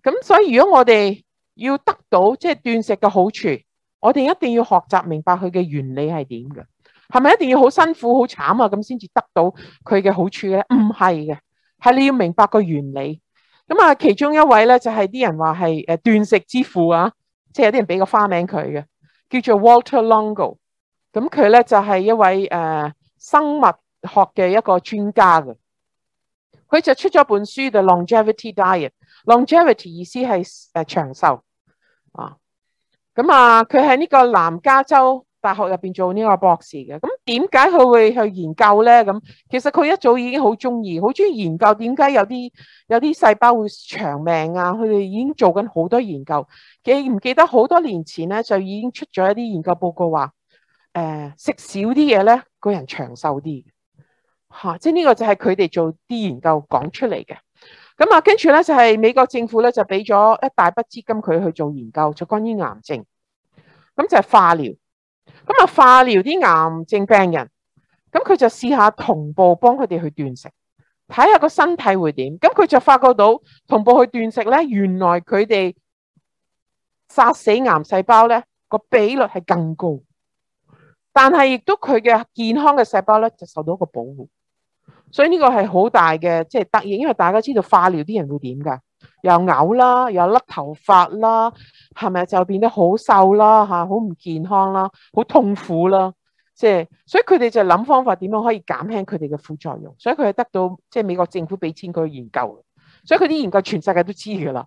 咁所以如果我哋要得到即係、就是、斷食嘅好處，我哋一定要學習明白佢嘅原理係點嘅，係咪一定要好辛苦，好慘啊咁先至得到佢嘅好處咧？唔係嘅，係你要明白個原理。咁啊，其中一位咧就係啲人話係誒斷食之父啊，即係有啲人俾個花名佢嘅，叫做 Walter Longo。咁佢咧就係一位誒生物學嘅一個專家嘅，佢就出咗本書叫 Longevity Diet。Longevity 意思係誒長壽啊。咁啊，佢喺呢個南加州大學入邊做呢個博士嘅。咁點解佢會去研究呢？咁其實佢一早已經好中意，好中意研究點解有啲有啲細胞會長命啊。佢哋已經做緊好多研究。記唔記得好多年前呢，就已經出咗一啲研究報告話，誒、呃、食少啲嘢呢，個人長壽啲。吓、啊，即係呢個就係佢哋做啲研究講出嚟嘅。咁啊，跟住咧就係美國政府咧就俾咗一大筆資金佢去做研究，就關於癌症。咁就係化療。咁啊，化療啲癌症病人，咁佢就試下同步幫佢哋去斷食，睇下個身體會點。咁佢就發覺到同步去斷食咧，原來佢哋殺死癌細胞咧個比率係更高，但係亦都佢嘅健康嘅細胞咧就受到一個保護。所以呢個係好大嘅，即係得益，因為大家知道化療啲人會點噶，又嘔啦，又甩頭髮啦，係咪就變得好瘦啦，嚇，好唔健康啦，好痛苦啦，即係，所以佢哋就諗方法點樣可以減輕佢哋嘅副作用，所以佢係得到即係美國政府俾錢佢研究，所以佢啲研究全世界都知㗎啦，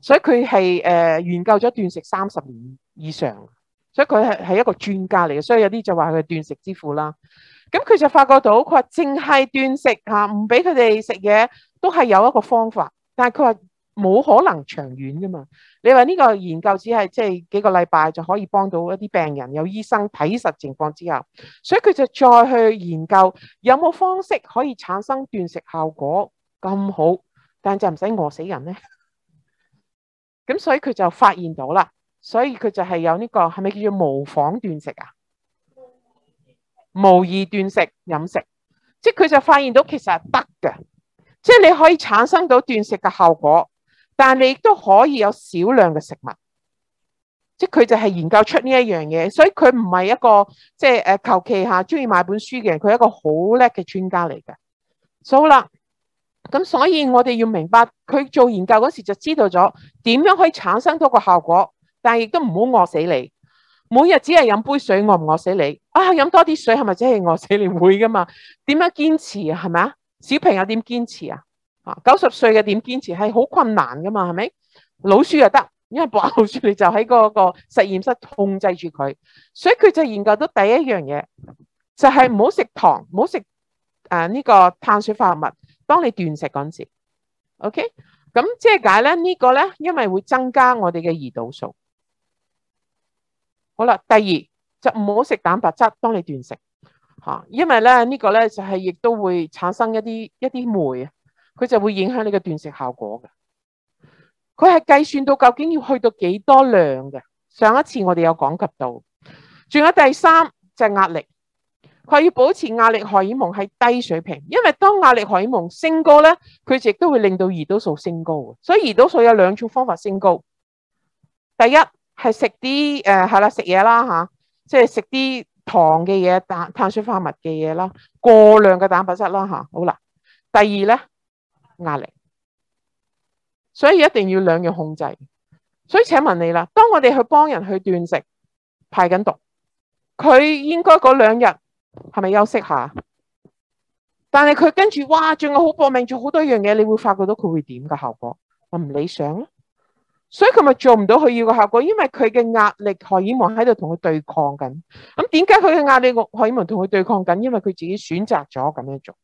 所以佢係誒研究咗斷食三十年以上，所以佢係係一個專家嚟嘅，所以有啲就話佢係斷食之父啦。咁佢就發覺到，佢話淨係斷食吓，唔俾佢哋食嘢，都係有一個方法。但係佢話冇可能長遠噶嘛。你話呢個研究只係即係幾個禮拜就可以幫到一啲病人，有醫生睇實情況之後，所以佢就再去研究有冇方式可以產生斷食效果咁好，但就唔使餓死人咧。咁所以佢就發現到啦，所以佢就係有呢個，係咪叫做模仿斷食啊？無意斷食飲食，即係佢就發現到其實係得嘅，即係你可以產生到斷食嘅效果，但係你亦都可以有少量嘅食物。即係佢就係研究出呢一樣嘢，所以佢唔係一個即係誒求其下中意買本書嘅人，佢係一個好叻嘅專家嚟嘅。好啦，咁所以我哋要明白佢做研究嗰時候就知道咗點樣可以產生到個效果，但係亦都唔好餓死你。每日只係飲杯水，餓唔餓死你？啊，飲多啲水係咪真係餓死你？會噶嘛？點樣堅持啊？係咪啊？小朋友點堅持啊？啊，九十歲嘅點堅持係好困難噶嘛？係咪？老鼠又得，因為白老鼠你就喺嗰個實驗室控制住佢，所以佢就研究到第一樣嘢，就係唔好食糖，唔好食誒呢個碳水化合物。當你斷食嗰陣時，OK，咁即係解咧呢個咧，因為會增加我哋嘅胰島素。好啦，第二就唔好食蛋白質，當你斷食吓，因為咧呢個咧就係亦都會產生一啲一啲酶啊，佢就會影響你嘅斷食效果嘅。佢係計算到究竟要去到幾多量嘅。上一次我哋有講及到。仲有第三，就係壓力，佢要保持壓力荷爾蒙喺低水平，因為當壓力荷爾蒙升高咧，佢亦都會令到胰島素升高啊。所以胰島素有兩種方法升高，第一。係食啲誒，係啦，食嘢啦吓、啊，即係食啲糖嘅嘢、碳碳水化合物嘅嘢啦，過量嘅蛋白質啦吓、啊。好啦，第二咧壓力，所以一定要兩樣控制。所以請問你啦，當我哋去幫人去斷食、排緊毒，佢應該嗰兩日係咪休息下？但係佢跟住哇，仲有好搏命做好多樣嘢，你會發覺到佢會點嘅效果？我唔理想。所以佢咪做唔到佢要嘅效果，因為佢嘅壓力荷爾蒙喺度同佢對抗緊。咁點解佢嘅壓力荷爾蒙同佢對抗緊？因為佢自己選擇咗咁樣做，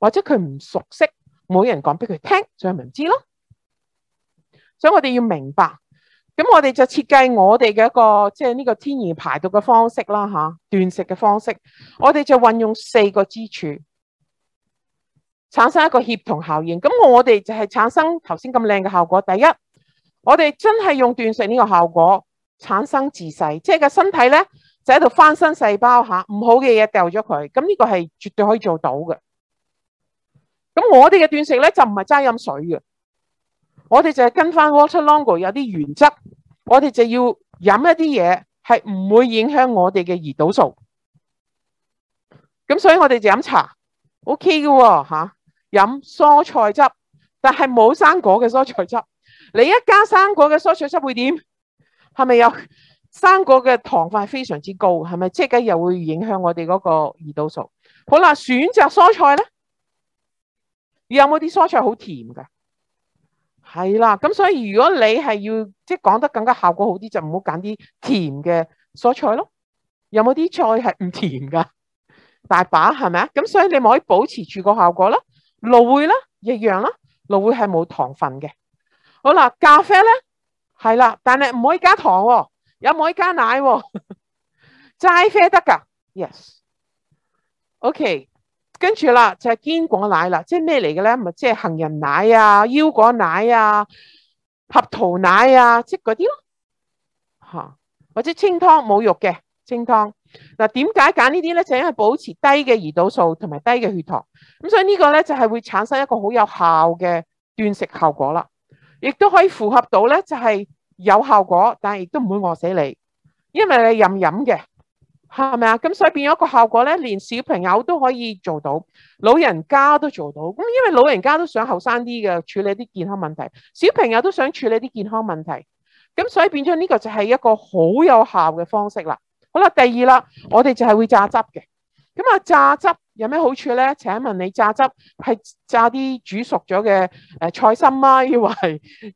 或者佢唔熟悉，冇人講俾佢聽，所以咪唔知咯。所以我哋要明白，咁我哋就設計我哋嘅一個即係呢個天然排毒嘅方式啦，吓斷食嘅方式，我哋就運用四個支柱，產生一個協同效應。咁我哋就係產生頭先咁靚嘅效果。第一。我哋真係用斷食呢個效果產生自細，即係個身體咧，就喺度翻身細胞吓，唔好嘅嘢掉咗佢。咁呢個係絕對可以做到嘅。咁我哋嘅斷食咧，就唔係齋飲水嘅，我哋就係跟翻 Water Longo 有啲原則，我哋就要飲一啲嘢係唔會影響我哋嘅胰島素。咁所以我哋就飲茶，OK 嘅吓、啊，飲蔬菜汁，但係冇生果嘅蔬菜汁。你一加生果嘅蔬菜汁會點？係咪有？生果嘅糖分係非常之高？係咪即係又會影響我哋嗰個胰島素？好啦，選擇蔬菜咧，有冇啲蔬菜好甜噶？係啦，咁所以如果你係要即係講得更加效果好啲，就唔好揀啲甜嘅蔬菜咯。有冇啲菜係唔甜噶？大把係咪啊？咁所以你咪可以保持住個效果啦。蘆薈啦，一樣啦，蘆薈係冇糖分嘅。好啦，咖啡咧，係啦，但係唔可以加糖喎，又唔可以加奶喎，齋啡得噶。Yes，OK，、okay. 跟住啦就係是，堅果奶啦，即係咩嚟嘅咧？咪即係杏仁奶啊、腰果奶啊、核桃奶啊，即嗰啲咯。吓，或者清湯冇肉嘅清湯。嗱，點解揀呢啲咧？就是，因為保持低嘅胰島素同埋低嘅血糖，咁所以呢個咧就係會產生一個好有效嘅斷食效果啦。亦都可以符合到咧，就係有效果，但係亦都唔會餓死你，因為你任飲嘅，係咪啊？咁所以變咗一個效果咧，連小朋友都可以做到，老人家都做到。咁因為老人家都想後生啲嘅處理啲健康問題，小朋友都想處理啲健康問題，咁所以變咗呢個就係一個好有效嘅方式啦。好啦，第二啦，我哋就係會榨汁嘅。咁啊，榨汁有咩好處咧？請問你榨汁係榨啲煮熟咗嘅誒菜心啊，以為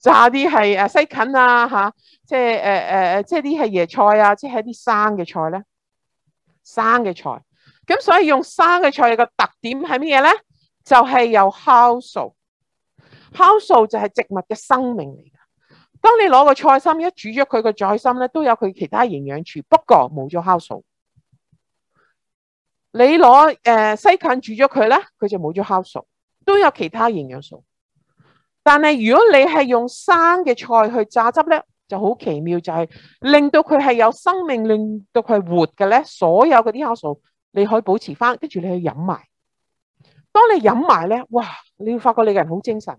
榨啲係誒西芹啊吓，即係誒誒誒，即係啲係椰菜啊，即係啲生嘅菜咧、啊。生嘅菜，咁所以用生嘅菜個特點係咩嘢咧？就係、是、有酵素，酵素就係植物嘅生命嚟噶。當你攞個菜心一煮咗佢個菜心咧，都有佢其他營養處，不過冇咗酵素。你攞誒西芹煮咗佢咧，佢就冇咗酵素，都有其他營養素。但係如果你係用生嘅菜去榨汁咧，就好奇妙，就係令到佢係有生命，令到佢活嘅咧。所有嗰啲酵素你可以保持翻，跟住你去飲埋。當你飲埋咧，哇！你會發覺你個人好精神。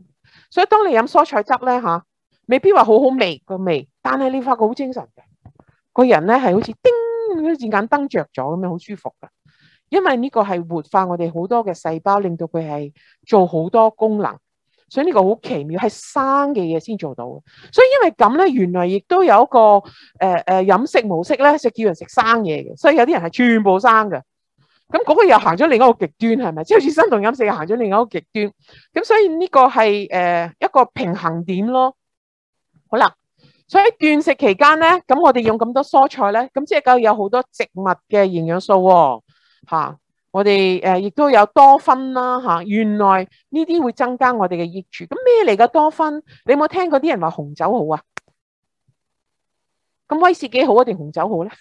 所以當你飲蔬菜汁咧吓，未必話好好味個味，但係你會發覺好精神嘅個人咧，係好似叮嗰盞眼燈着咗咁樣，好舒服噶。因為呢個係活化我哋好多嘅細胞，令到佢係做好多功能，所以呢個好奇妙係生嘅嘢先做到。所以因為咁咧，原來亦都有一個呃、呃、飲食模式咧，就叫人食生嘢嘅。所以有啲人係全部生嘅。咁嗰個又行咗另一個極端係咪？即係好似生酮飲食又行咗另一個極端。咁所以呢個係誒、呃、一個平衡點咯。好啦，所以喺斷食期間咧，咁我哋用咁多蔬菜咧，咁即係夠有好多植物嘅營養素喎、哦。吓、啊，我哋誒亦都有多酚啦吓、啊，原來呢啲會增加我哋嘅益處。咁咩嚟噶多酚？你有冇聽過啲人話紅酒好啊？咁威士忌好啊定紅酒好咧？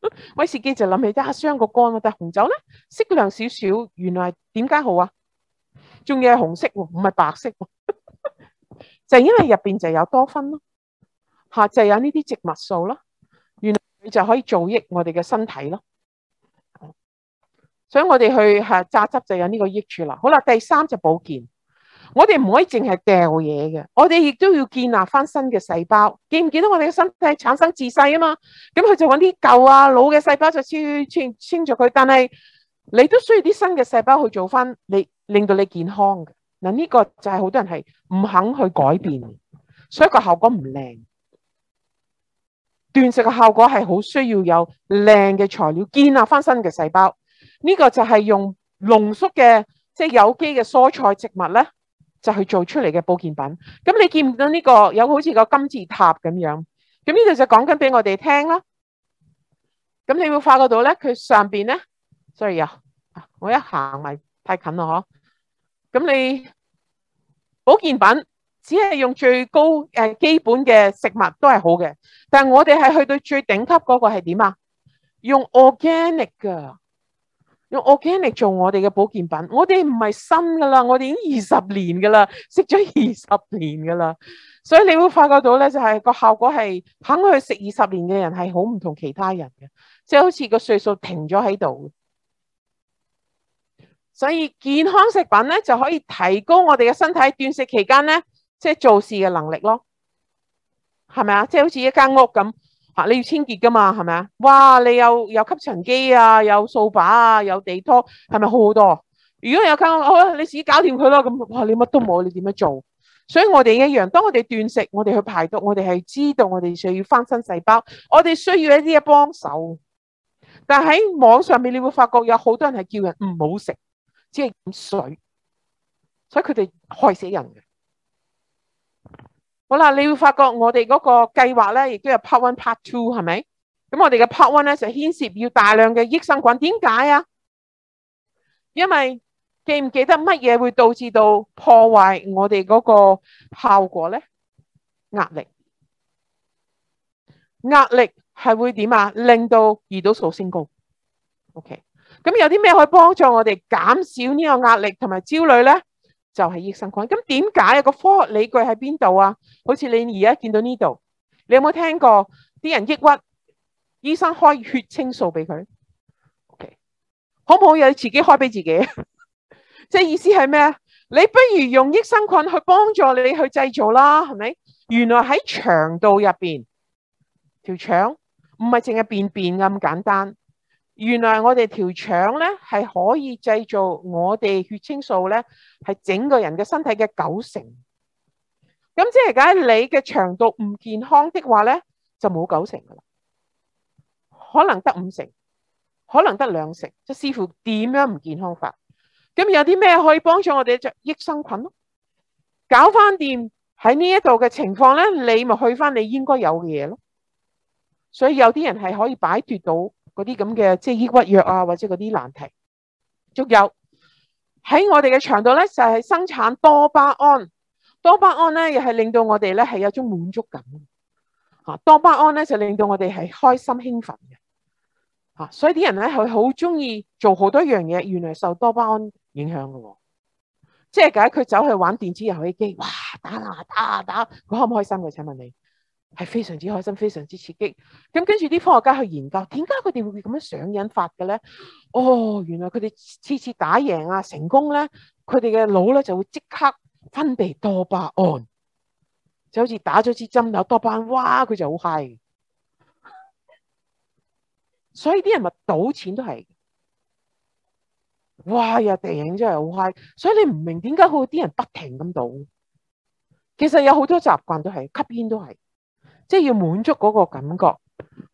威士忌就諗起一箱傷個肝，但係紅酒咧適量少少，原來點解好啊？仲要係紅色喎，唔係白色喎， 就係因為入邊就有多酚咯，吓就有呢啲植物素咯，原來就可以造益我哋嘅身體咯。所以我哋去係榨汁就有呢個益處啦。好啦，第三就保健，我哋唔可以淨係掉嘢嘅，我哋亦都要建立翻新嘅細胞。見唔見到我哋嘅身體產生自細啊嘛？咁佢就搵啲舊啊老嘅細胞就清清清除佢。但係你都需要啲新嘅細胞去做翻，你令到你健康。嗱、這、呢個就係好多人係唔肯去改變，所以個效果唔靚。斷食嘅效果係好需要有靚嘅材料建立翻新嘅細胞。呢個就係用濃縮嘅即係有機嘅蔬菜植物咧，就去做出嚟嘅保健品。咁你見唔到呢個有好似個金字塔咁樣？咁呢度就講緊俾我哋聽啦。咁你會發覺到咧，佢上邊咧，Sorry 啊，我一行咪太近咯，嗬。咁你保健品只係用最高誒基本嘅食物都係好嘅，但係我哋係去到最頂級嗰個係點啊？用 organic 㗎。用 organic 嚟做我哋嘅保健品，我哋唔係新噶啦，我哋已經二十年噶啦，食咗二十年噶啦，所以你會發覺到咧，就係個效果係肯去食二十年嘅人係好唔同其他人嘅，即係好似個歲數停咗喺度。所以健康食品咧就可以提高我哋嘅身體，斷食期間咧，即係做事嘅能力咯，係咪啊？即係好似一間屋咁。嚇、啊！你要清潔㗎嘛，係咪啊？哇！你有有吸塵機啊，有掃把啊，有地拖，係咪好好多？如果有溝，好、啊、你自己搞掂佢咯。咁、啊、哇，你乜都冇，你點樣做？所以我哋一樣，當我哋斷食，我哋去排毒，我哋係知道我哋需要翻新細胞，我哋需要一啲嘅幫手。但喺網上面，你會發覺有好多人係叫人唔好食，只係飲水，所以佢哋害死人嘅。好啦，你會發覺我哋嗰個計劃咧，亦都有 part one、part two，係咪？咁我哋嘅 part one 咧就牽涉要大量嘅益生菌，點解啊？因為記唔記得乜嘢會導致到破壞我哋嗰個效果咧？壓力，壓力係會點啊？令到胰島素升高。OK，咁有啲咩可以幫助我哋減少呢個壓力同埋焦慮咧？就係、是、益生菌，咁點解有個科學理據喺邊度啊？好似你而家見到呢度，你有冇聽過啲人抑鬱，醫生開血清素俾佢？OK，好唔好嘢？你自己開俾自己，即 係意思係咩啊？你不如用益生菌去幫助你去製造啦，係咪？原來喺腸道入邊條腸唔係淨係便便咁簡單。原來我哋條腸咧係可以製造我哋血清素咧，係整個人嘅身體嘅九成。咁即係假如你嘅腸道唔健康的話咧，就冇九成噶啦，可能得五成，可能得兩成，即係視乎點樣唔健康法。咁有啲咩可以幫助我哋嘅益生菌？咯搞翻掂喺呢一度嘅情況咧，你咪去翻你應該有嘅嘢咯。所以有啲人係可以擺脫到。嗰啲咁嘅即係抑鬱藥啊，或者嗰啲難題，仲有喺我哋嘅腸度咧，就係生產多巴胺。多巴胺咧，又係令到我哋咧係有種滿足感。吓，多巴胺咧就令到我哋係開心興奮嘅。吓，所以啲人咧佢好中意做好多樣嘢，原來受多巴胺影響嘅，即係解佢走去玩電子遊戲機，哇打啦、啊、打啊打，佢開唔開心嘅？請問你？係非常之開心，非常之刺激。咁跟住啲科學家去研究，點解佢哋會會咁樣上癮法嘅咧？哦，原來佢哋次次打贏啊，成功咧，佢哋嘅腦咧就會即刻分泌多巴胺，就好似打咗支針有多巴胺，哇！佢就好嗨！嘅。所以啲人咪賭錢都係，哇呀形真係好嗨！所以你唔明點解佢啲人不停咁賭？其實有好多習慣都係吸煙都係。即係要滿足嗰個感覺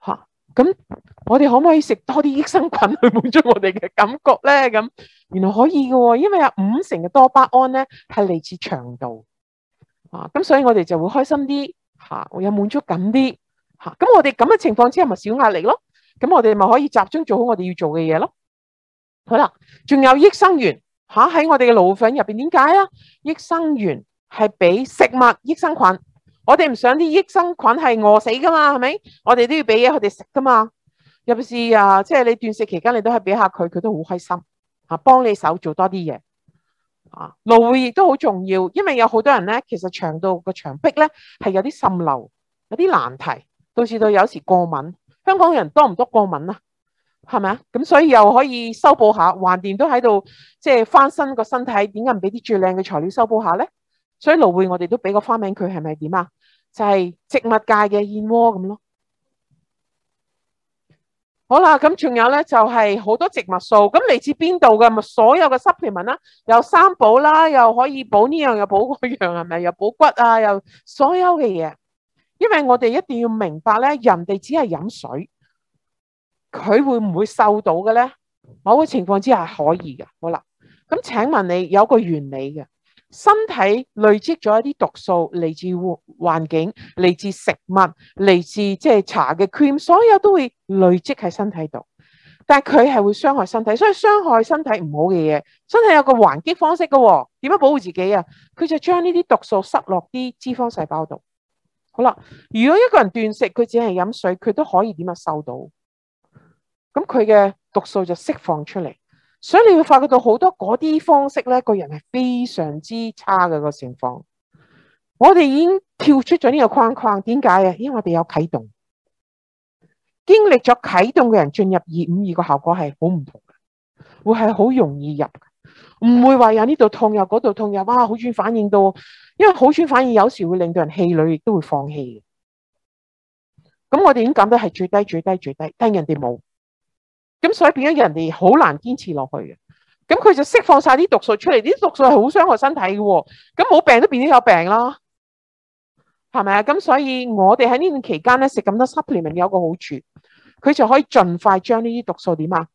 吓，咁、啊、我哋可唔可以食多啲益生菌去滿足我哋嘅感覺咧？咁原來可以喎，因為有五成嘅多巴胺咧係嚟自腸道，啊，咁所以我哋就會開心啲，吓、啊，會有滿足感啲，吓、啊，咁我哋咁嘅情況之下咪少壓力咯，咁我哋咪可以集中做好我哋要做嘅嘢咯。好、啊、啦，仲有益生元，吓、啊、喺我哋嘅腦粉入邊點解啊？益生元係俾食物益生菌。我哋唔想啲益生菌係餓死噶嘛，係咪？我哋都要俾嘢佢哋食噶嘛。尤其是啊，即係你斷食期間，你都係俾下佢，佢都好開心。啊，幫你手做多啲嘢。啊，蘆薈亦都好重要，因為有好多人咧，其實腸道個牆壁咧係有啲滲漏，有啲難題，導致到有時過敏。香港人多唔多過敏啊？係咪啊？咁所以又可以修補下，橫掂都喺度，即係翻身個身體，點解唔俾啲最靚嘅材料修補下咧？所以蘆薈，我哋都俾個花名佢，係咪點啊？就係植物界嘅燕窩咁咯。好啦，咁仲有咧就係好多植物素，咁嚟自邊度噶？咪所有嘅濕皮文啦，有三寶啦，又可以補呢樣又補嗰樣，係咪又補骨啊？又所有嘅嘢，因為我哋一定要明白咧，人哋只係飲水，佢會唔會瘦到嘅咧？某個情況之下可以噶。好啦，咁請問你有個原理嘅？身體累積咗一啲毒素，嚟自環境，嚟自食物，嚟自即係茶嘅 cream，所有都會累積喺身體度。但係佢係會傷害身體，所以傷害身體唔好嘅嘢，身體有個還擊方式嘅，點樣保護自己啊？佢就將呢啲毒素塞落啲脂肪細胞度。好啦，如果一個人斷食，佢只係飲水，佢都可以點樣瘦到？咁佢嘅毒素就釋放出嚟。所以你會發覺到好多嗰啲方式咧，個人係非常之差嘅個情況。我哋已經跳出咗呢個框框，點解啊？因為我哋有啟動，經歷咗啟動嘅人進入二五二個效果係好唔同嘅，會係好容易入，唔會話有呢度痛又嗰度痛又，哇！好轉反應到，因為好轉反應有時會令到人氣餒，亦都會放棄嘅。咁我哋已經覺得係最低、最低、最低，但人哋冇。咁所以變咗人哋好難堅持落去嘅，咁佢就釋放晒啲毒素出嚟，啲毒素係好傷害身體嘅，咁冇病都變咗有病啦，係咪啊？咁所以我哋喺呢段期間咧食咁多 supplement 有個好處，佢就可以盡快將呢啲毒素點啊？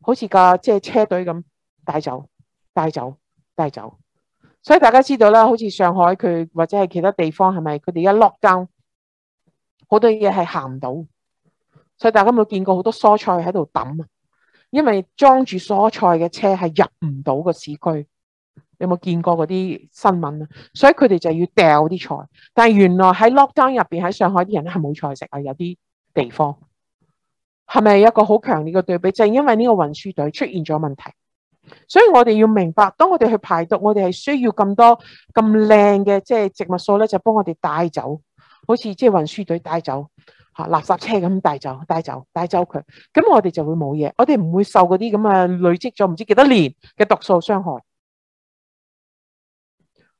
好似架，即係車隊咁帶走帶走帶走，所以大家知道啦，好似上海佢或者係其他地方係咪？佢哋一 lockdown，好多嘢係行唔到，所以大家有冇見過好多蔬菜喺度抌啊！因為裝住蔬菜嘅車係入唔到個市區，你有冇見過嗰啲新聞啊？所以佢哋就要掉啲菜。但係原來喺 lockdown 入邊喺上海啲人係冇菜食啊，有啲地方係咪一個好強烈嘅對比？就係因為呢個運輸隊出現咗問題，所以我哋要明白，當我哋去排毒，我哋係需要咁多咁靚嘅即係植物素咧，就幫我哋帶走，好似即係運輸隊帶走。吓垃圾車咁帶走帶走帶走佢，咁我哋就會冇嘢，我哋唔會受嗰啲咁嘅累積咗唔知幾多年嘅毒素傷害。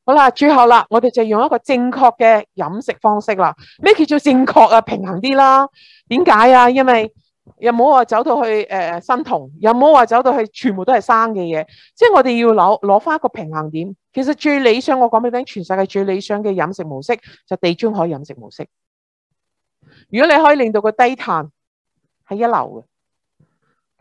好啦，最後啦，我哋就用一個正確嘅飲食方式啦。咩叫做正確啊？平衡啲啦。點解啊？因為又冇話走到去誒生酮，又冇話走到去全部都係生嘅嘢。即係我哋要攞攞翻一個平衡點。其實最理想，我講俾你聽，全世界最理想嘅飲食模式就地中海飲食模式。就是地中如果你可以令到個低碳係一流嘅，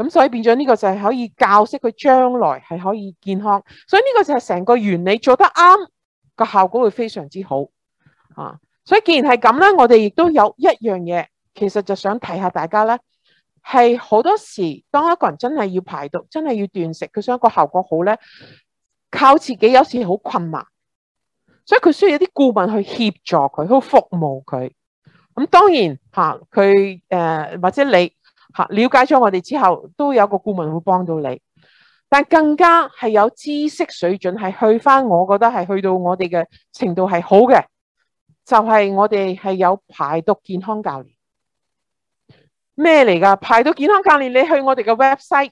咁所以變咗呢個就係可以教識佢將來係可以健康，所以呢個就係成個原理做得啱，個效果會非常之好啊！所以既然係咁咧，我哋亦都有一樣嘢，其實就想提下大家咧，係好多時當一個人真係要排毒，真係要斷食，佢想個效果好咧，靠自己有時好困難，所以佢需要一啲顧問去協助佢，去服務佢。咁當然嚇佢誒或者你嚇了解咗我哋之後，都有個顧問會幫到你。但更加係有知識水準係去翻，我覺得係去到我哋嘅程度係好嘅。就係、是、我哋係有排毒健康教練咩嚟㗎？排毒健康教練，你去我哋嘅 website，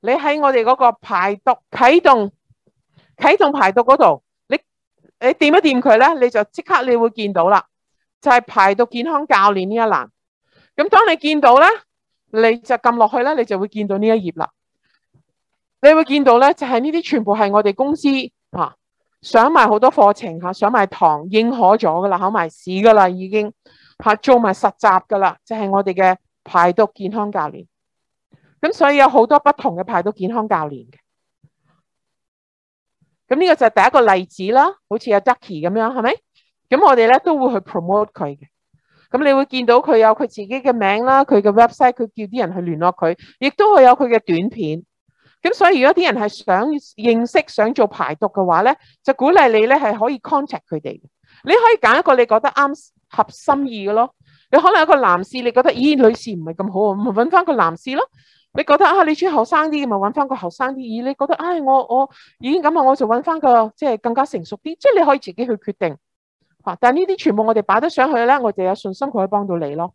你喺我哋嗰個排毒啟動、啟動排毒嗰度，你你掂一掂佢咧，你就即刻你會見到啦。就係、是、排毒健康教練呢一欄，咁當你見到咧，你就撳落去咧，你就會見到呢一頁啦。你會見到咧，就係呢啲全部係我哋公司啊，上埋好多課程吓，上埋堂認可咗噶啦，考埋試噶啦，已經吓、啊、做埋實習噶啦，就係、是、我哋嘅排毒健康教練。咁所以有好多不同嘅排毒健康教練嘅。咁呢個就係第一個例子啦，好似阿 Ducky 咁樣，係咪？咁我哋咧都會去 promote 佢嘅，咁你會見到佢有佢自己嘅名啦，佢嘅 website，佢叫啲人去聯絡佢，亦都會有佢嘅短片。咁所以如果啲人係想認識、想做排毒嘅話咧，就鼓勵你咧係可以 contact 佢哋。你可以揀一個你覺得啱合心意嘅咯。你可能有個男士，你覺得咦，女士唔係咁好咪揾翻個男士咯。你覺得啊，你鍾意後生啲咁咪揾翻個後生啲。咦，你覺得唉、哎，我我已經咁啊，我就揾翻個即係更加成熟啲。即係你可以自己去決定。但呢啲全部我哋擺得上去咧，我哋有信心佢可以幫到你咯。